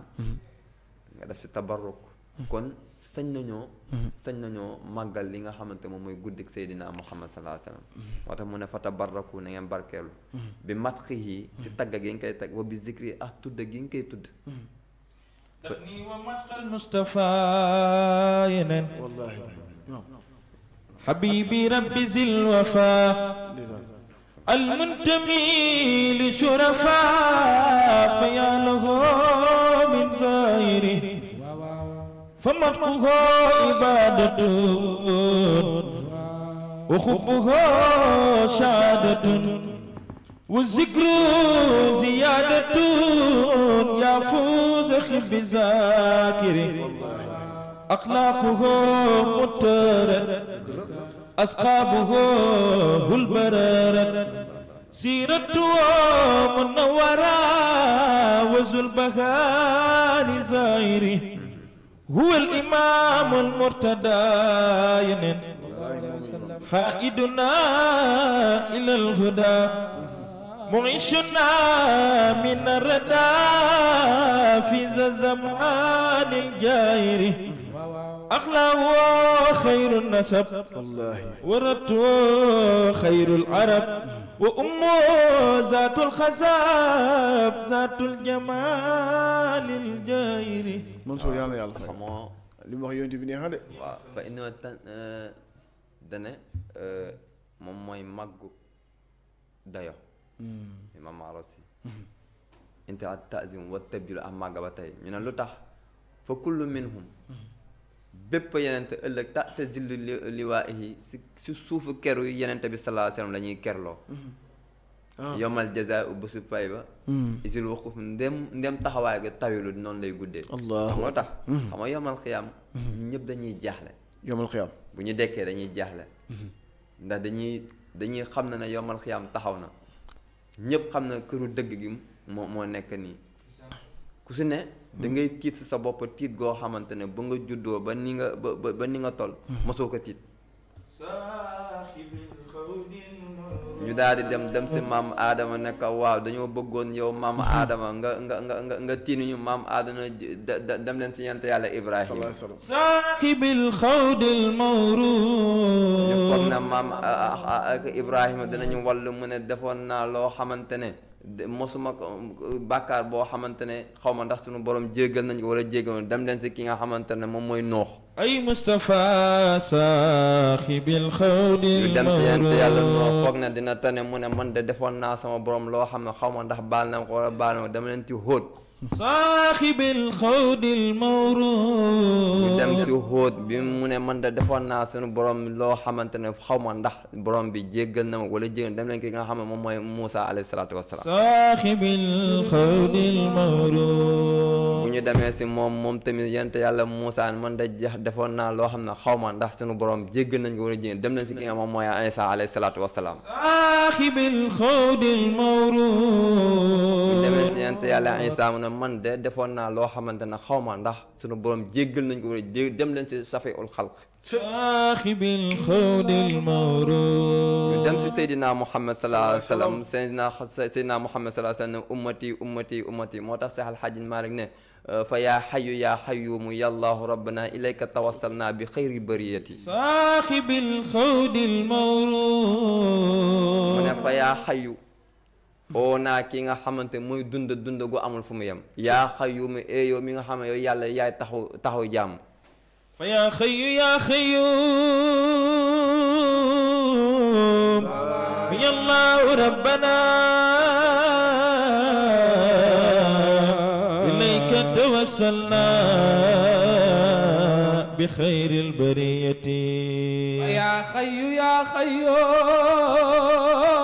nga def si tabarruk kon sañ nañoo sañ nañoo màggal li nga xamante moom mooy guddik Seydina Muhammad sallallahu alayhi wa sallam mu ne fata barraku na ngeen barkeelu bi matxi yi si tagg gi nga koy tagg wa bi zikri ah tudd gi nga koy tudd دقني ومدخل مصطفى ينن والله حبيبي ربي ذي الوفاء المنتمي لشرفاء فياله من زائره فمدحه عبادة وخبه شهادة والذكر زيادة يفوز بالذاكر أخلاقه متر أصحابه البرر سيرته منورة وذو البهار زائر هو الإمام المرتدى ينن حائدنا إلى الهدى معيشنا من الردى في ذا الزمان الجائر أخلاه خير النسب والله ورته خير العرب وأمه ذات الخزاب ذات الجمال الجائر منصور يا الله يرحمه li mu wax yonent bi neex na de waaw fa inna tan dane moom mooy màggu dayo Hmm. imam Marasi inte at taazim wa tabdil am màgga ba tey ñu ne lu tax fa kullu minhum bépp yenente ëllëg ta te zillu liwaahi si si suufu keru yenente bi sallallahu alayhi wa sallam la ñuy kerloo hmm. ah. yomal jaza bu su pay ba hmm. isil waquf ndem ndem taxawaay ga tawilu noonu lay guddee allah moo tax xam nga yomal xiyaam ñu ñëpp dañuy jaaxle yomal xiyaam bu ñu dekkee dañuy jaaxle ndax dañuy dañuy xam ne ne yomal xiyaam taxaw na ñëpp xam na këru dëgg gi moo moo nekk nii ku si ne hmm. da ngay tiit si sa bopp tiit goo xamante ne ba nga juddoo ba ni nga ba ba ni nga tol hmm. mosoo ko tiit ñu daal di dem dem si maam Adama ne ko waaw dañoo bëggoon yow maam mhm. Adama nga nga nga maam Adama dem leen si yent yàlla Ibrahima. saaxibil xawdil mawruud. ñu foog na maam Ibrahima dinañu wàllu mu ne defoon naa loo xamante ne. mosuma bàkkaar boo xamante ne xaw ma ndax sunu borom jéggal nañ ko wala jéggal dem leen si ki nga xamante ne moom mooy noox ay Mustafa saaxibil xawdi yu dem si yent yàlla noo foog na dina tane mu ne man de defoon naa sama borom loo xam ne xaw ma ndax baal na ko wala baal na ko dem leen ci saaxibil xawdil mawruud dem si xóot bi mu ne man de defoon naa sunu borom loo xamante ne xaw ma ndax borom bi jéggal na ma wala jéggal dem leen ki nga xam ne moom mooy Moussa alayhi salaatu wa salaam. saaxibil xawdil mawruud bu ñu demee si moom moom tamit yonent yàlla Moussa man de jeex defoon naa loo xam ne xaw ma ndax sunu borom jéggal nañ ko wala jéggal dem leen si ki nga moom mooy Isa alayhi salaatu wa salaam. saaxibil xawdil mawruud bu ñu demee si yonent yàlla Isa mu ne ne man de defoon naa loo xamante ne xaw ma ndax sunu borom jéggal nañ ko wala jé dem leen si safi ul xalq saaxibil xawdil mawruud ñu dem si Seydina Muhammad sallallahu alayhi wa sallam Seydina moo tax Seex Al Hajji Maalik ne fa yaa xayu yaa xayuumu yàllaahu bi xayri bariyati saaxibil xawdil mu ne fa yaa xayu oo naa ki nga xamante mooy dund dund gu amul fu mu yem yaa xayyumu ee eh, yow mi nga xam ne yow yàlla yaay taxaw taxaw jàmm fa yaa xayyu yaa xayyum yallaahu rabbana ilayka tawassalna bi xayril bariyati fa yaa xayyu yaa xayyum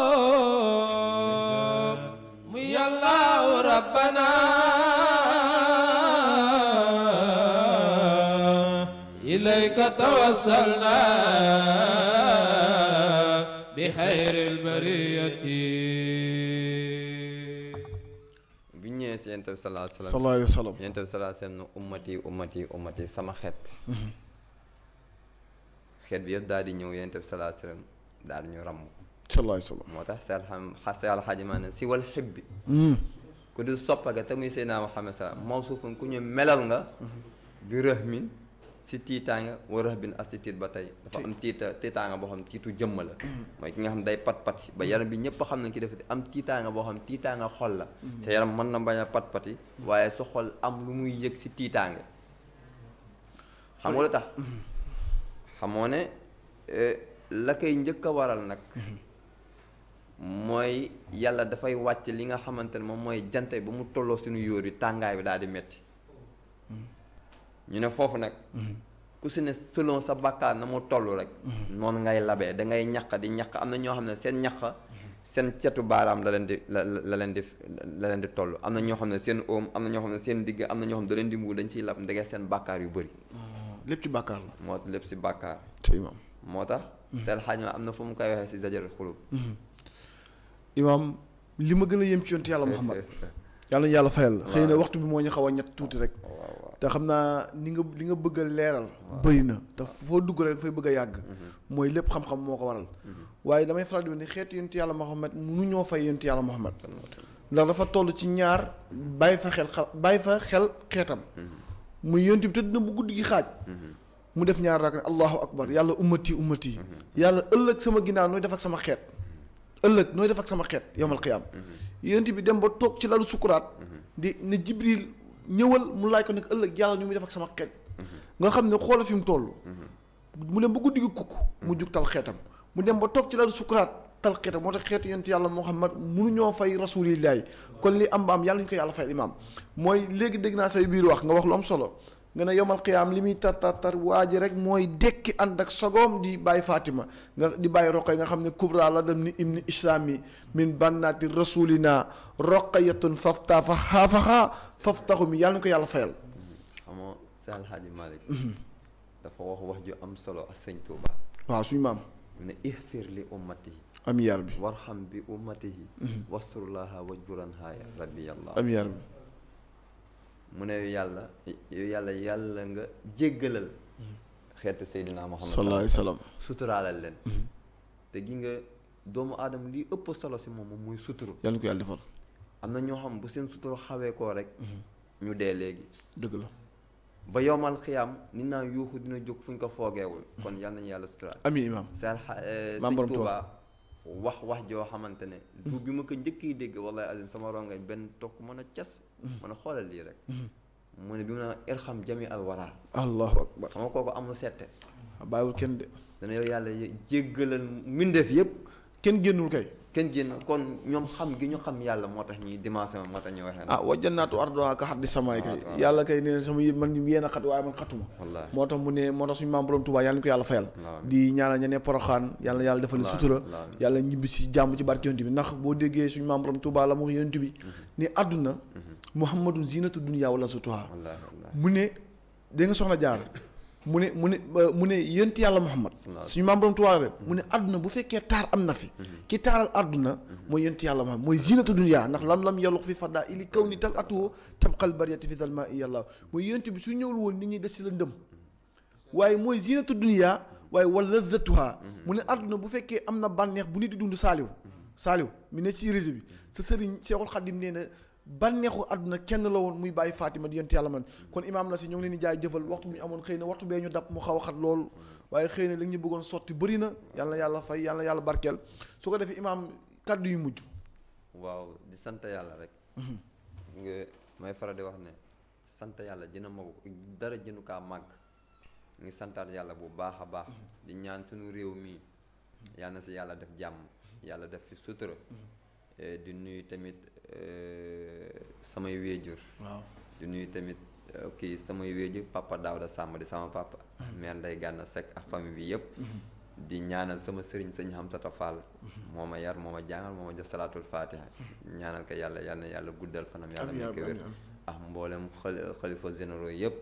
وصلنا ñëwee si yonent bi sallallahu alayhi wa sallam sama xeet mhm. xeet bi yëpp daal di ñëw yonent bi sallallahu alayhi wa sallam si alxam si alxaaji maanaam si wal xib bi mhm. ku du soppaga te muy Seydina Muhammad sallam moom suufun ku ñu melal nga mhm. bi rëhmin si tiitaanga war rax bin ak si tiit ba tey dafa am tiita tiitaanga boo xam tiitu jëmm la mm-hmm. mooy ki nga xam day pat pati ba mm-hmm. yaram bi ñëpp xam nañ ki defati am tiitaanga boo xam tiitaanga xol la mm-hmm. sa yaram mën na bañ a pat pati waaye su xol am lu muy yëg si tiitaanga xam nga tax xamoo ne e, la koy njëkk a waral nag mooy yàlla dafay wàcc li nga xamante ne moom mooy jante ba mu tolloo suñu yóor yi tàngaay bi daal di metti ñu ne foofu nag. ku si ne selon sa bàkkaar na mu toll rek. noonu ngay labee da ngay di ñaq am na ñoo xam ne seen ñaq. seen cetu baaraam la leen di la la leen di la leen di toll am na ñoo xam ne seen oom am na ñoo xam ne seen digg am na ñoo xam ne da leen di mbuur dañ siy lab ndege seen bàkkaar yu bëri. Ah, lépp ci bàkkaar la. moo lépp si bàkkaar. moo tax. seen xaaj ma am na fu mu koy waxee si zajarul xulub. imaam li ma gën a yem ci yonent yàlla Muhammad [laughs] yàlla yàlla fayal la. xëy na a ñett tuuti te xam naa ni nga li nga bëgg a leeral bëri na te foo dugg rek fay bëgg a yàgg mm-hmm. mooy lépp xam-xam moo ko waral mm-hmm. waaye damay faral di ni xeetu yonent yàlla Muhammad munu ñoo fay yonent yàlla Muhammad ndax dafa toll ci ñaar bàyyi fa xel xa bàyyi fa xel xeetam mm-hmm. muy yonent bi na bu guddi gi xaaj mu def ñaar raak ne allahu akbar yàlla ummati ummati yàlla ëllëg sama ginaar nooy def ak sama xeet ëllëg nooy def ak sama xeet yowmal qiyaam yonent bi dem ba toog ci lalu sukuraat di ne jibril ñëwal mu laaj ko nekk ëllëg yàlla ñu muy def ak sama xeet nga xam ne xoola fi mu toll mu dem ba guddi gi kukk mu jug tal xeetam mu dem ba toog ci lalu sukuraat tal xeetam moo tax xeetu yonent yàlla xam Muhammad mënuñoo fay rasulillahi kon li am ba am yàlla ñu ko yàlla fay imaam mooy léegi dégg naa say biir wax nga wax lu am solo nga ne yomal xiyaam li muy tar tar tar waa ji rek mooy dekki ànd ak sogoom di bàyyi Fatima nga di bàyyi roqay nga xam ne kubra la dem ni ibni islami min bannaati rasulina roqayatun faftafa xaafaxaa faftaxu mi yàlla na ko yàlla fayal xam mhm. dafa wax wax ju am solo ak sëñ Tuuba waaw suñu maam ne ihfir li ummati am yar bi warxam bi ummatihi mhm. wasturullaha wajburanha rabbi yàlla am yar bi mu ne yàlla yow yàlla yàlla nga jéggalal xeetu Seydina Muhammad sallallahu alayhi wa sallam suturaalal leen mhm. te gi nga doomu aadama li ëpp solo si moom moom muy suturu yàlla ko am na ñoo bu seen suturu xawee koo rek mhm. ñu dee léegi ba yowmal xiyaam nit naa yuuxu dina jóg fu ñu ko foogeewul mhm. kon yàlla nañu yàlla suturaal ami imaam eh, sëñ Tuuba wax wax joo xamante ne du bi ma ko njëkkee dégg wallahi azim sama rongañ benn tokk mën a cas man mhm. a xoolal lii rek mhm. mu ne bi mu ne irxam jami al waral allahu akbar xam nga kooku amul sette bàyyiwul kenn dana yow yàlla jéggalal mbindeef yëpp kenn génnul kay kenn génn kon ñoom xam gi ñu xam yàlla moo tax ñuy dimanche moo tax ñu waxee. ah wa jannaatu arduha ka xaddi samaay kay yàlla kay nee na sama yëpp man yéen a xat waaye man xatuma moo tax mu ne moo tax suñu maam borom Tuubaa yàlla ñu ko yàlla fayal di ñaanal ñeneen poroxaan yàlla yàlla defal leen sutura yàlla ñibbi si jàmm ci barke yonent bi ndax boo déggee suñu maam borom Tuubaa la mu wax yonent bi mhm. ni àdduna mhm. muhammadun zinatu dunya wala sutuha mu ne da nga soxna jaar mu ne mu ne mu ne yonent yàlla Muhammad suñu maam borom Tuubaa bi mu ne àdduna bu fekkee taar am na fi mhm. ki taaral àdduna mooy yonent yàlla Muhammad mooy zinatu dunya ndax lam lam yàlluq fi fadaa ili kaw ni tal atuwo tabqal bariyati fi zalma i yàlla mooy yonent bi su ñëwul woon nit ñi des si la ndëm waaye mooy zinatu dunya waaye wa lazatuha mu ne àdduna bu fekkee am na bànneex bu nit di dund saaliw saaliw mi ne ci réseau bi sa sëriñ Seexul Xadim bànneexu àdduna kenn la woon muy bàyyi Fatima di yonent yàlla man kon imaam na si ñu ngi leen di jaay jëfal waxtu bi ñu amoon xëy na waxtu bee ñu dab mu xaw a xat lool waaye xëy na li ñu bëggoon sotti bëri na yàlla na yàlla fay yàlla na yàlla barkeel su ko defee imaam kàddu yu mujj. waaw di sant yàlla rek. Mhm. nga may faral di wax ne sant yàlla dina mag dara jënu kaa màgg ngi santaat yàlla bu baax a baax. Mhm. di ñaan suñu réew mi mhm. yàlla na si yàlla def jàmm yàlla def fi sutura. Eh, di nuyu tamit. Eh, samay wéejur waaw di nuyu tamit eh, kii samay wéejur papa da Samb di sama papa mhm. mère Ndeye Gana Seck ak famille bi yëpp mhm. di ñaanal sama sëriñ xam sa Fall mhm. moo ma yar moo ma jàngal moo ma jox salaatul fatiha ñaanal ko yàlla yàlla na yàlla guddal fanam yàlla may ko wér ak xalifa généraux yëpp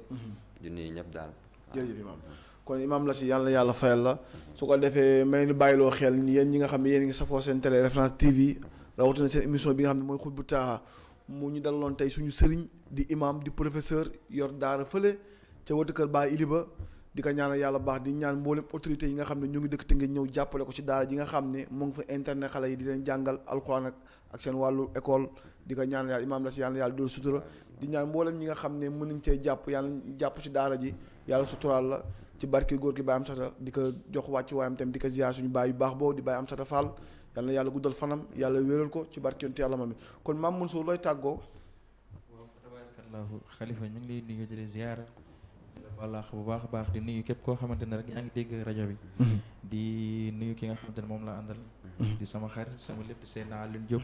di nuyu ñëpp daal jërëjëf imaam kon imaam la si yàlla yàlla fayal la su ko defee may ni bàyyiloo xel ni ñi nga xam ne yéen ngi safoo seen télé référence TV rawatina seen émission bi nga xam ne mooy xutbu taaha mu ñu dalaloon tey suñu sëriñ di imam di professeur yor daara fële ca wetu kër Baay Iliba di ko ñaanal yàlla baax di ñaan mboolem autorité yi nga xam ne ñu ngi dëkk te nga ñëw jàppale ko ci daara ji nga xam ne mu ngi fa internet xale yi di leen jàngal alxuraan ak ak seen wàllu école di ko ñaanal yàlla imaam la si yàlla yàlla dool sutura di ñaan mbooleem ñi nga xam ne mën nañ cee jàpp yàlla jàpp ci daara ji yàlla suturaal la ci barke góor gi Baye Amsata di ko jox wàcc waayam tamit di ko ziar suñu baay yu baax boobu di Baye Amsata Fall yal na yàlla guddal fanam yàlla wéral ko ci barke yonent yàlla ma mi kon maam Mansour looy tàggoo. xalifa ñu ngi lay nuyu di la ziyaara bu baax a baax di nuyu képp koo xamante ne rek yaa ngi dégg rajo bi. Mhm. di nuyu ki nga xamante ne moom laa àndal. Mhm. di sama xarit sama lépp di seen Alioune Diop.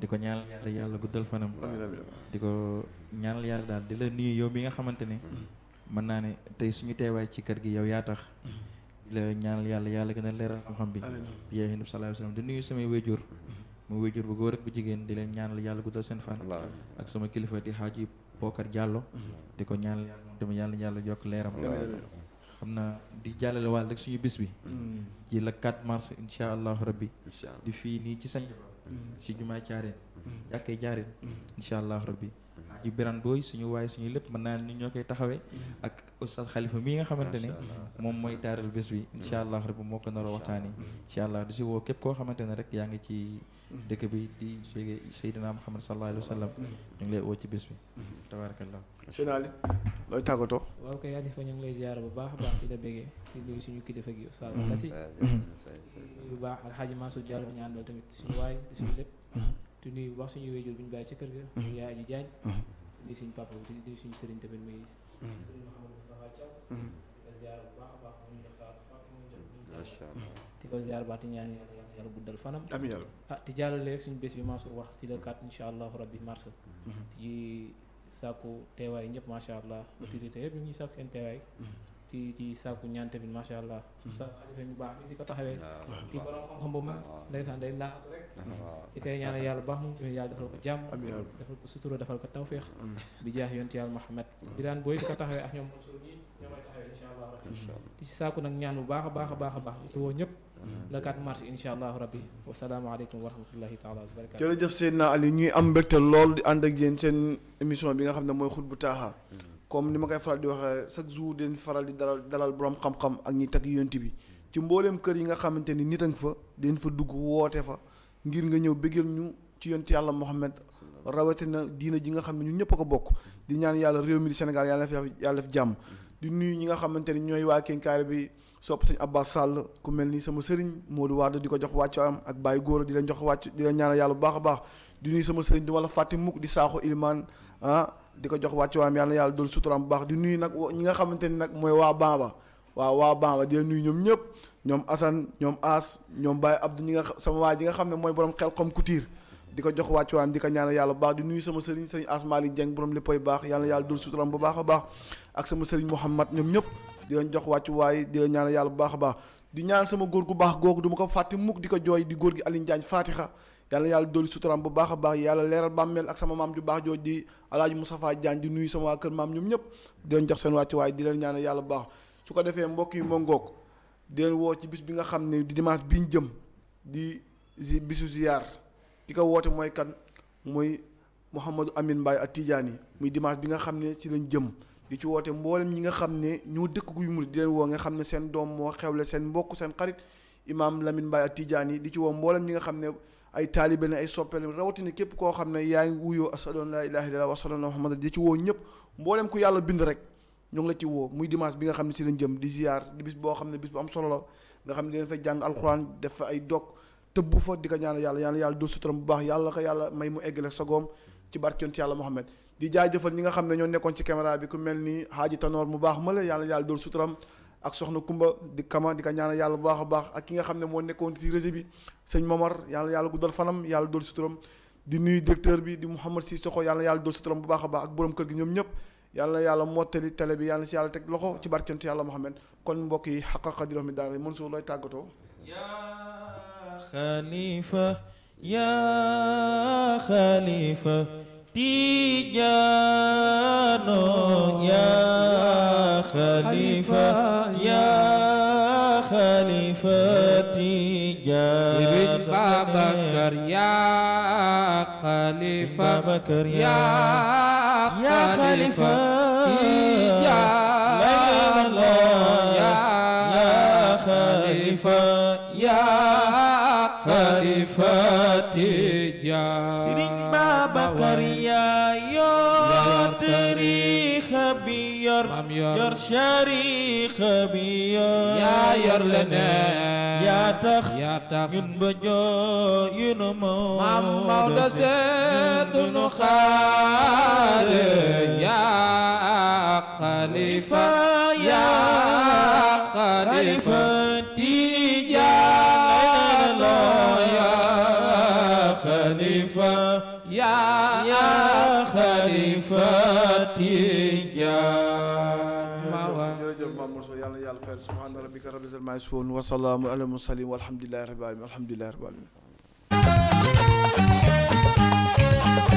di ko ñaanal yàlla yàlla guddal fanam. di ko ñaanal yàlla daal di la nuyu yow mi nga xamante ne. Mhm. mën naa ne tey suñu teewaay ci kër gi yow yaa tax. di la ñaanal yàlla yàlla gën a leeral ko xam bi bi yaay Nabi sallallahu alayhi wasallam di nuyu samay wéjur mu wéjur bu góor ak bu jigéen di leen ñaanal yàlla guddal seen fan ak sama kilifa di xaaji Bokar jàllo di ko ñaanal yàlla moom tamit yàlla yàlla yokk leeram xam na di jàllale waal rek suñu bis bi ci mm. la 4 mars insha allahu rabbi di fii nii ci sañ mm. ci jumaa Caareen mm. jàkkee Caareen insha allahu rabbi ji Birane Boy suñu waay suñu lépp mën naa ni ñoo koy taxawee ak oustaz xalifa mii nga xamante ne moom mooy taaral bés bi incha allah rabi moo ko naroo waxtaan yi incha allah du si képp koo xamante ne rek yaa ngi ci mm-hmm. dëkk bi di béggee Seydina Muhammad sallallahu alayhi wa sallam mm-hmm. ñu ngi bi mm-hmm. tabarakallah sénaali looy tàggatoo waaw kay alifa ñu ngi lay ziyaara bu baax baax ci la béggee di nuyu suñu kilifa gi oustaz Kassi bu baax alxaaji di suñu lépp di nuyu bu baax suñu wéjur bu ñu baax ci kër ga. ñu mm-hmm. yaay aji jaañ. Mm-hmm. di suñu papa di nuyu suñu sëriñ tamit muy. Mm-hmm. sëriñ Mouhamadou Moustapha di ko ziar bu baax a baax mu ngi jox guddal fanam. ah ti jaarale suñu bés bi Mansour wax ci le 4 incha allah rabbi mars. ci sàkku teewaay ñëpp macha allah. autorité yëpp ñu ngi seen teewaay. ci ci sàkku ñaan tamit macha allah. Hmm. sa xarit ñu baax ñu di ko taxawee. waaw waaw borom xam-xam bu mag ndeysaan day laaxatu rek. [laughs] di koy ñaanal yàlla baax moom tamit yàlla defal ko jàmm. defal ko defal ko tawféex. bi jaax yonti yàlla Muhammad. di daan booy di ko taxawee ak ñoom mosul ñi nag ñaan bu baax a baax a baax a baax di woo ñëpp. la 4 mars incha allahu rabbi wasalaamaaleykum wa rahmatullahi taala wa barakatu jërëjëf Seydina Ali ñuy am mbégte lool di ànd ak yéen bi nga xam ne mooy xutbu taaxa hmm. comme ni ma koy faral di waxee chaque jour den faral di dalal dalal borom xam-xam ak ñi teg yonti bi ci mbooleem kër yi nga xamante ni nit a ngi fa den fa dugg woote fa ngir nga ñëw bëggal ñu ci yonti yàlla Muhammad rawatina diina ji nga xam ne ñun ñëpp ko bokk di ñaan yàlla réew mi di Sénégal yàlla def jàmm di nuyu ñi nga xamante ni ñooy waa Kénkaari bi sopp sëñ Abbas Sall ku mel nii sama sëriñ Modou Wade di ko jox wàccu am ak baay Gora di leen jox wàcc di leen ñaanal yàlla bu baax a baax di sama sëriñ du ma la fàtte di saaxu ilmaan ah di ko jox wàccuwaayam yàlla yàlla dool suturaam bu baax di nuyu nag ñi nga xamante ni nag mooy waa Bamba waaw waa Bamba di nuyu ñoom ñëpp ñoom Assane ñoom As ñoom Baye Abdou ñi sama waa ji xam ne mooy borom xel xom couture di ko jox wàccuwaayam di ko ñaanal yàlla bu baax di nuyu sama sëriñ sëriñ As Malick Dieng borom léppay baax yàlla yàlla dool suturaam bu baax a baax ak sama sëriñ Mouhamad ñoom ñëpp di leen jox wàccuwaay di leen ñaanal yàlla bu baax baax di ñaan sama góor gu baax googu du ma ko fàtte mukk di ko jooy di góor gi Alioune Diagne Fatiha yàlla yàlla dolli suturaam bu baax baax yàlla leeral bàmmeel ak sama maam ju baax jooj di alaaji Moustapha Diagne di nuyu sama waa kër maam ñoom ñëpp di leen jox seen wàcc waaye di leen ñaanal yàlla bu baax su ko defee mbokk yi moo ngoog di leen woo ci bis bi nga xam ne di dimanche bi ñu jëm di bisu ziar ki ko woote mooy kan mooy Mouhamadou Amine Mbaye ak Tidiane muy dimanche bi nga xam ne ci lañ jëm di ci woote mboolem ñi nga xam ne ñoo dëkk guy woo nga xam ne seen doom moo xewle seen mbokk seen xarit imaam Lamine Mbaye ak Tidiane yi di ci woo mbooleem ñi nga xam ne ay taalibe ne ay soppeelam rawatina képp koo xam ne yaa ngi wuyoo ashadu an laa ilaaha illallaah wa ashadu anna Muhammadan di ci woo ñëpp mboolem ku yàlla bind rek ñu ngi la ci woo muy dimanche bi nga xam ne si lañ jëm di ziar di bis boo xam ne bis bu am solo la nga xam ne dinañ fa jàng alxuraan def ay dog tëbbu fa di ko ñaan yàlla yàlla yàlla doo sutaram bu baax yàlla ko yàlla may mu eggale sagoom ci barkent yàlla Muhammad di jaajëfal ñi nga xam ne ñoo nekkoon ci caméra bi ni Haaji Tanoor mu baax ma la yàlla yàlla dool ak soxna Kumba di kama di ko yàlla bu baax a baax ak ki nga xam ne moo nekkoon ci réseau bi sëñ Momar yàlla yàlla guddal fanam yàlla dool suturam di nuy directeur bi di Mouhamed Cissokho yàlla yàlla dool suturam bu baax a baax ak borom kër gi ñoom ñëpp yàlla yàlla mottali télé bi yàlla si yàlla teg loxo ci barkent yàlla Mouhamed kon mbokk yi xaqaqa di mi daal Mansour looy tàggatoo yaa xalifa yaa xalifa tijaano ya xalifa ya xalifa tijaano Serigne Babacar ya xalifa ya xalifa tijaano ya xalifa ya xalifa tijaano zakariya yor tariixa leneen yaa tax ñun ba yu nu Maodo seet du nu xaare yaa xalifa yaa xalifa subhaana rabbika rabbil izzati ammaa yasifuun wa salaamun alal mursaliin walhamdulillaahi rabbil aalamiin alhamdulillaahi rabbil aalamiin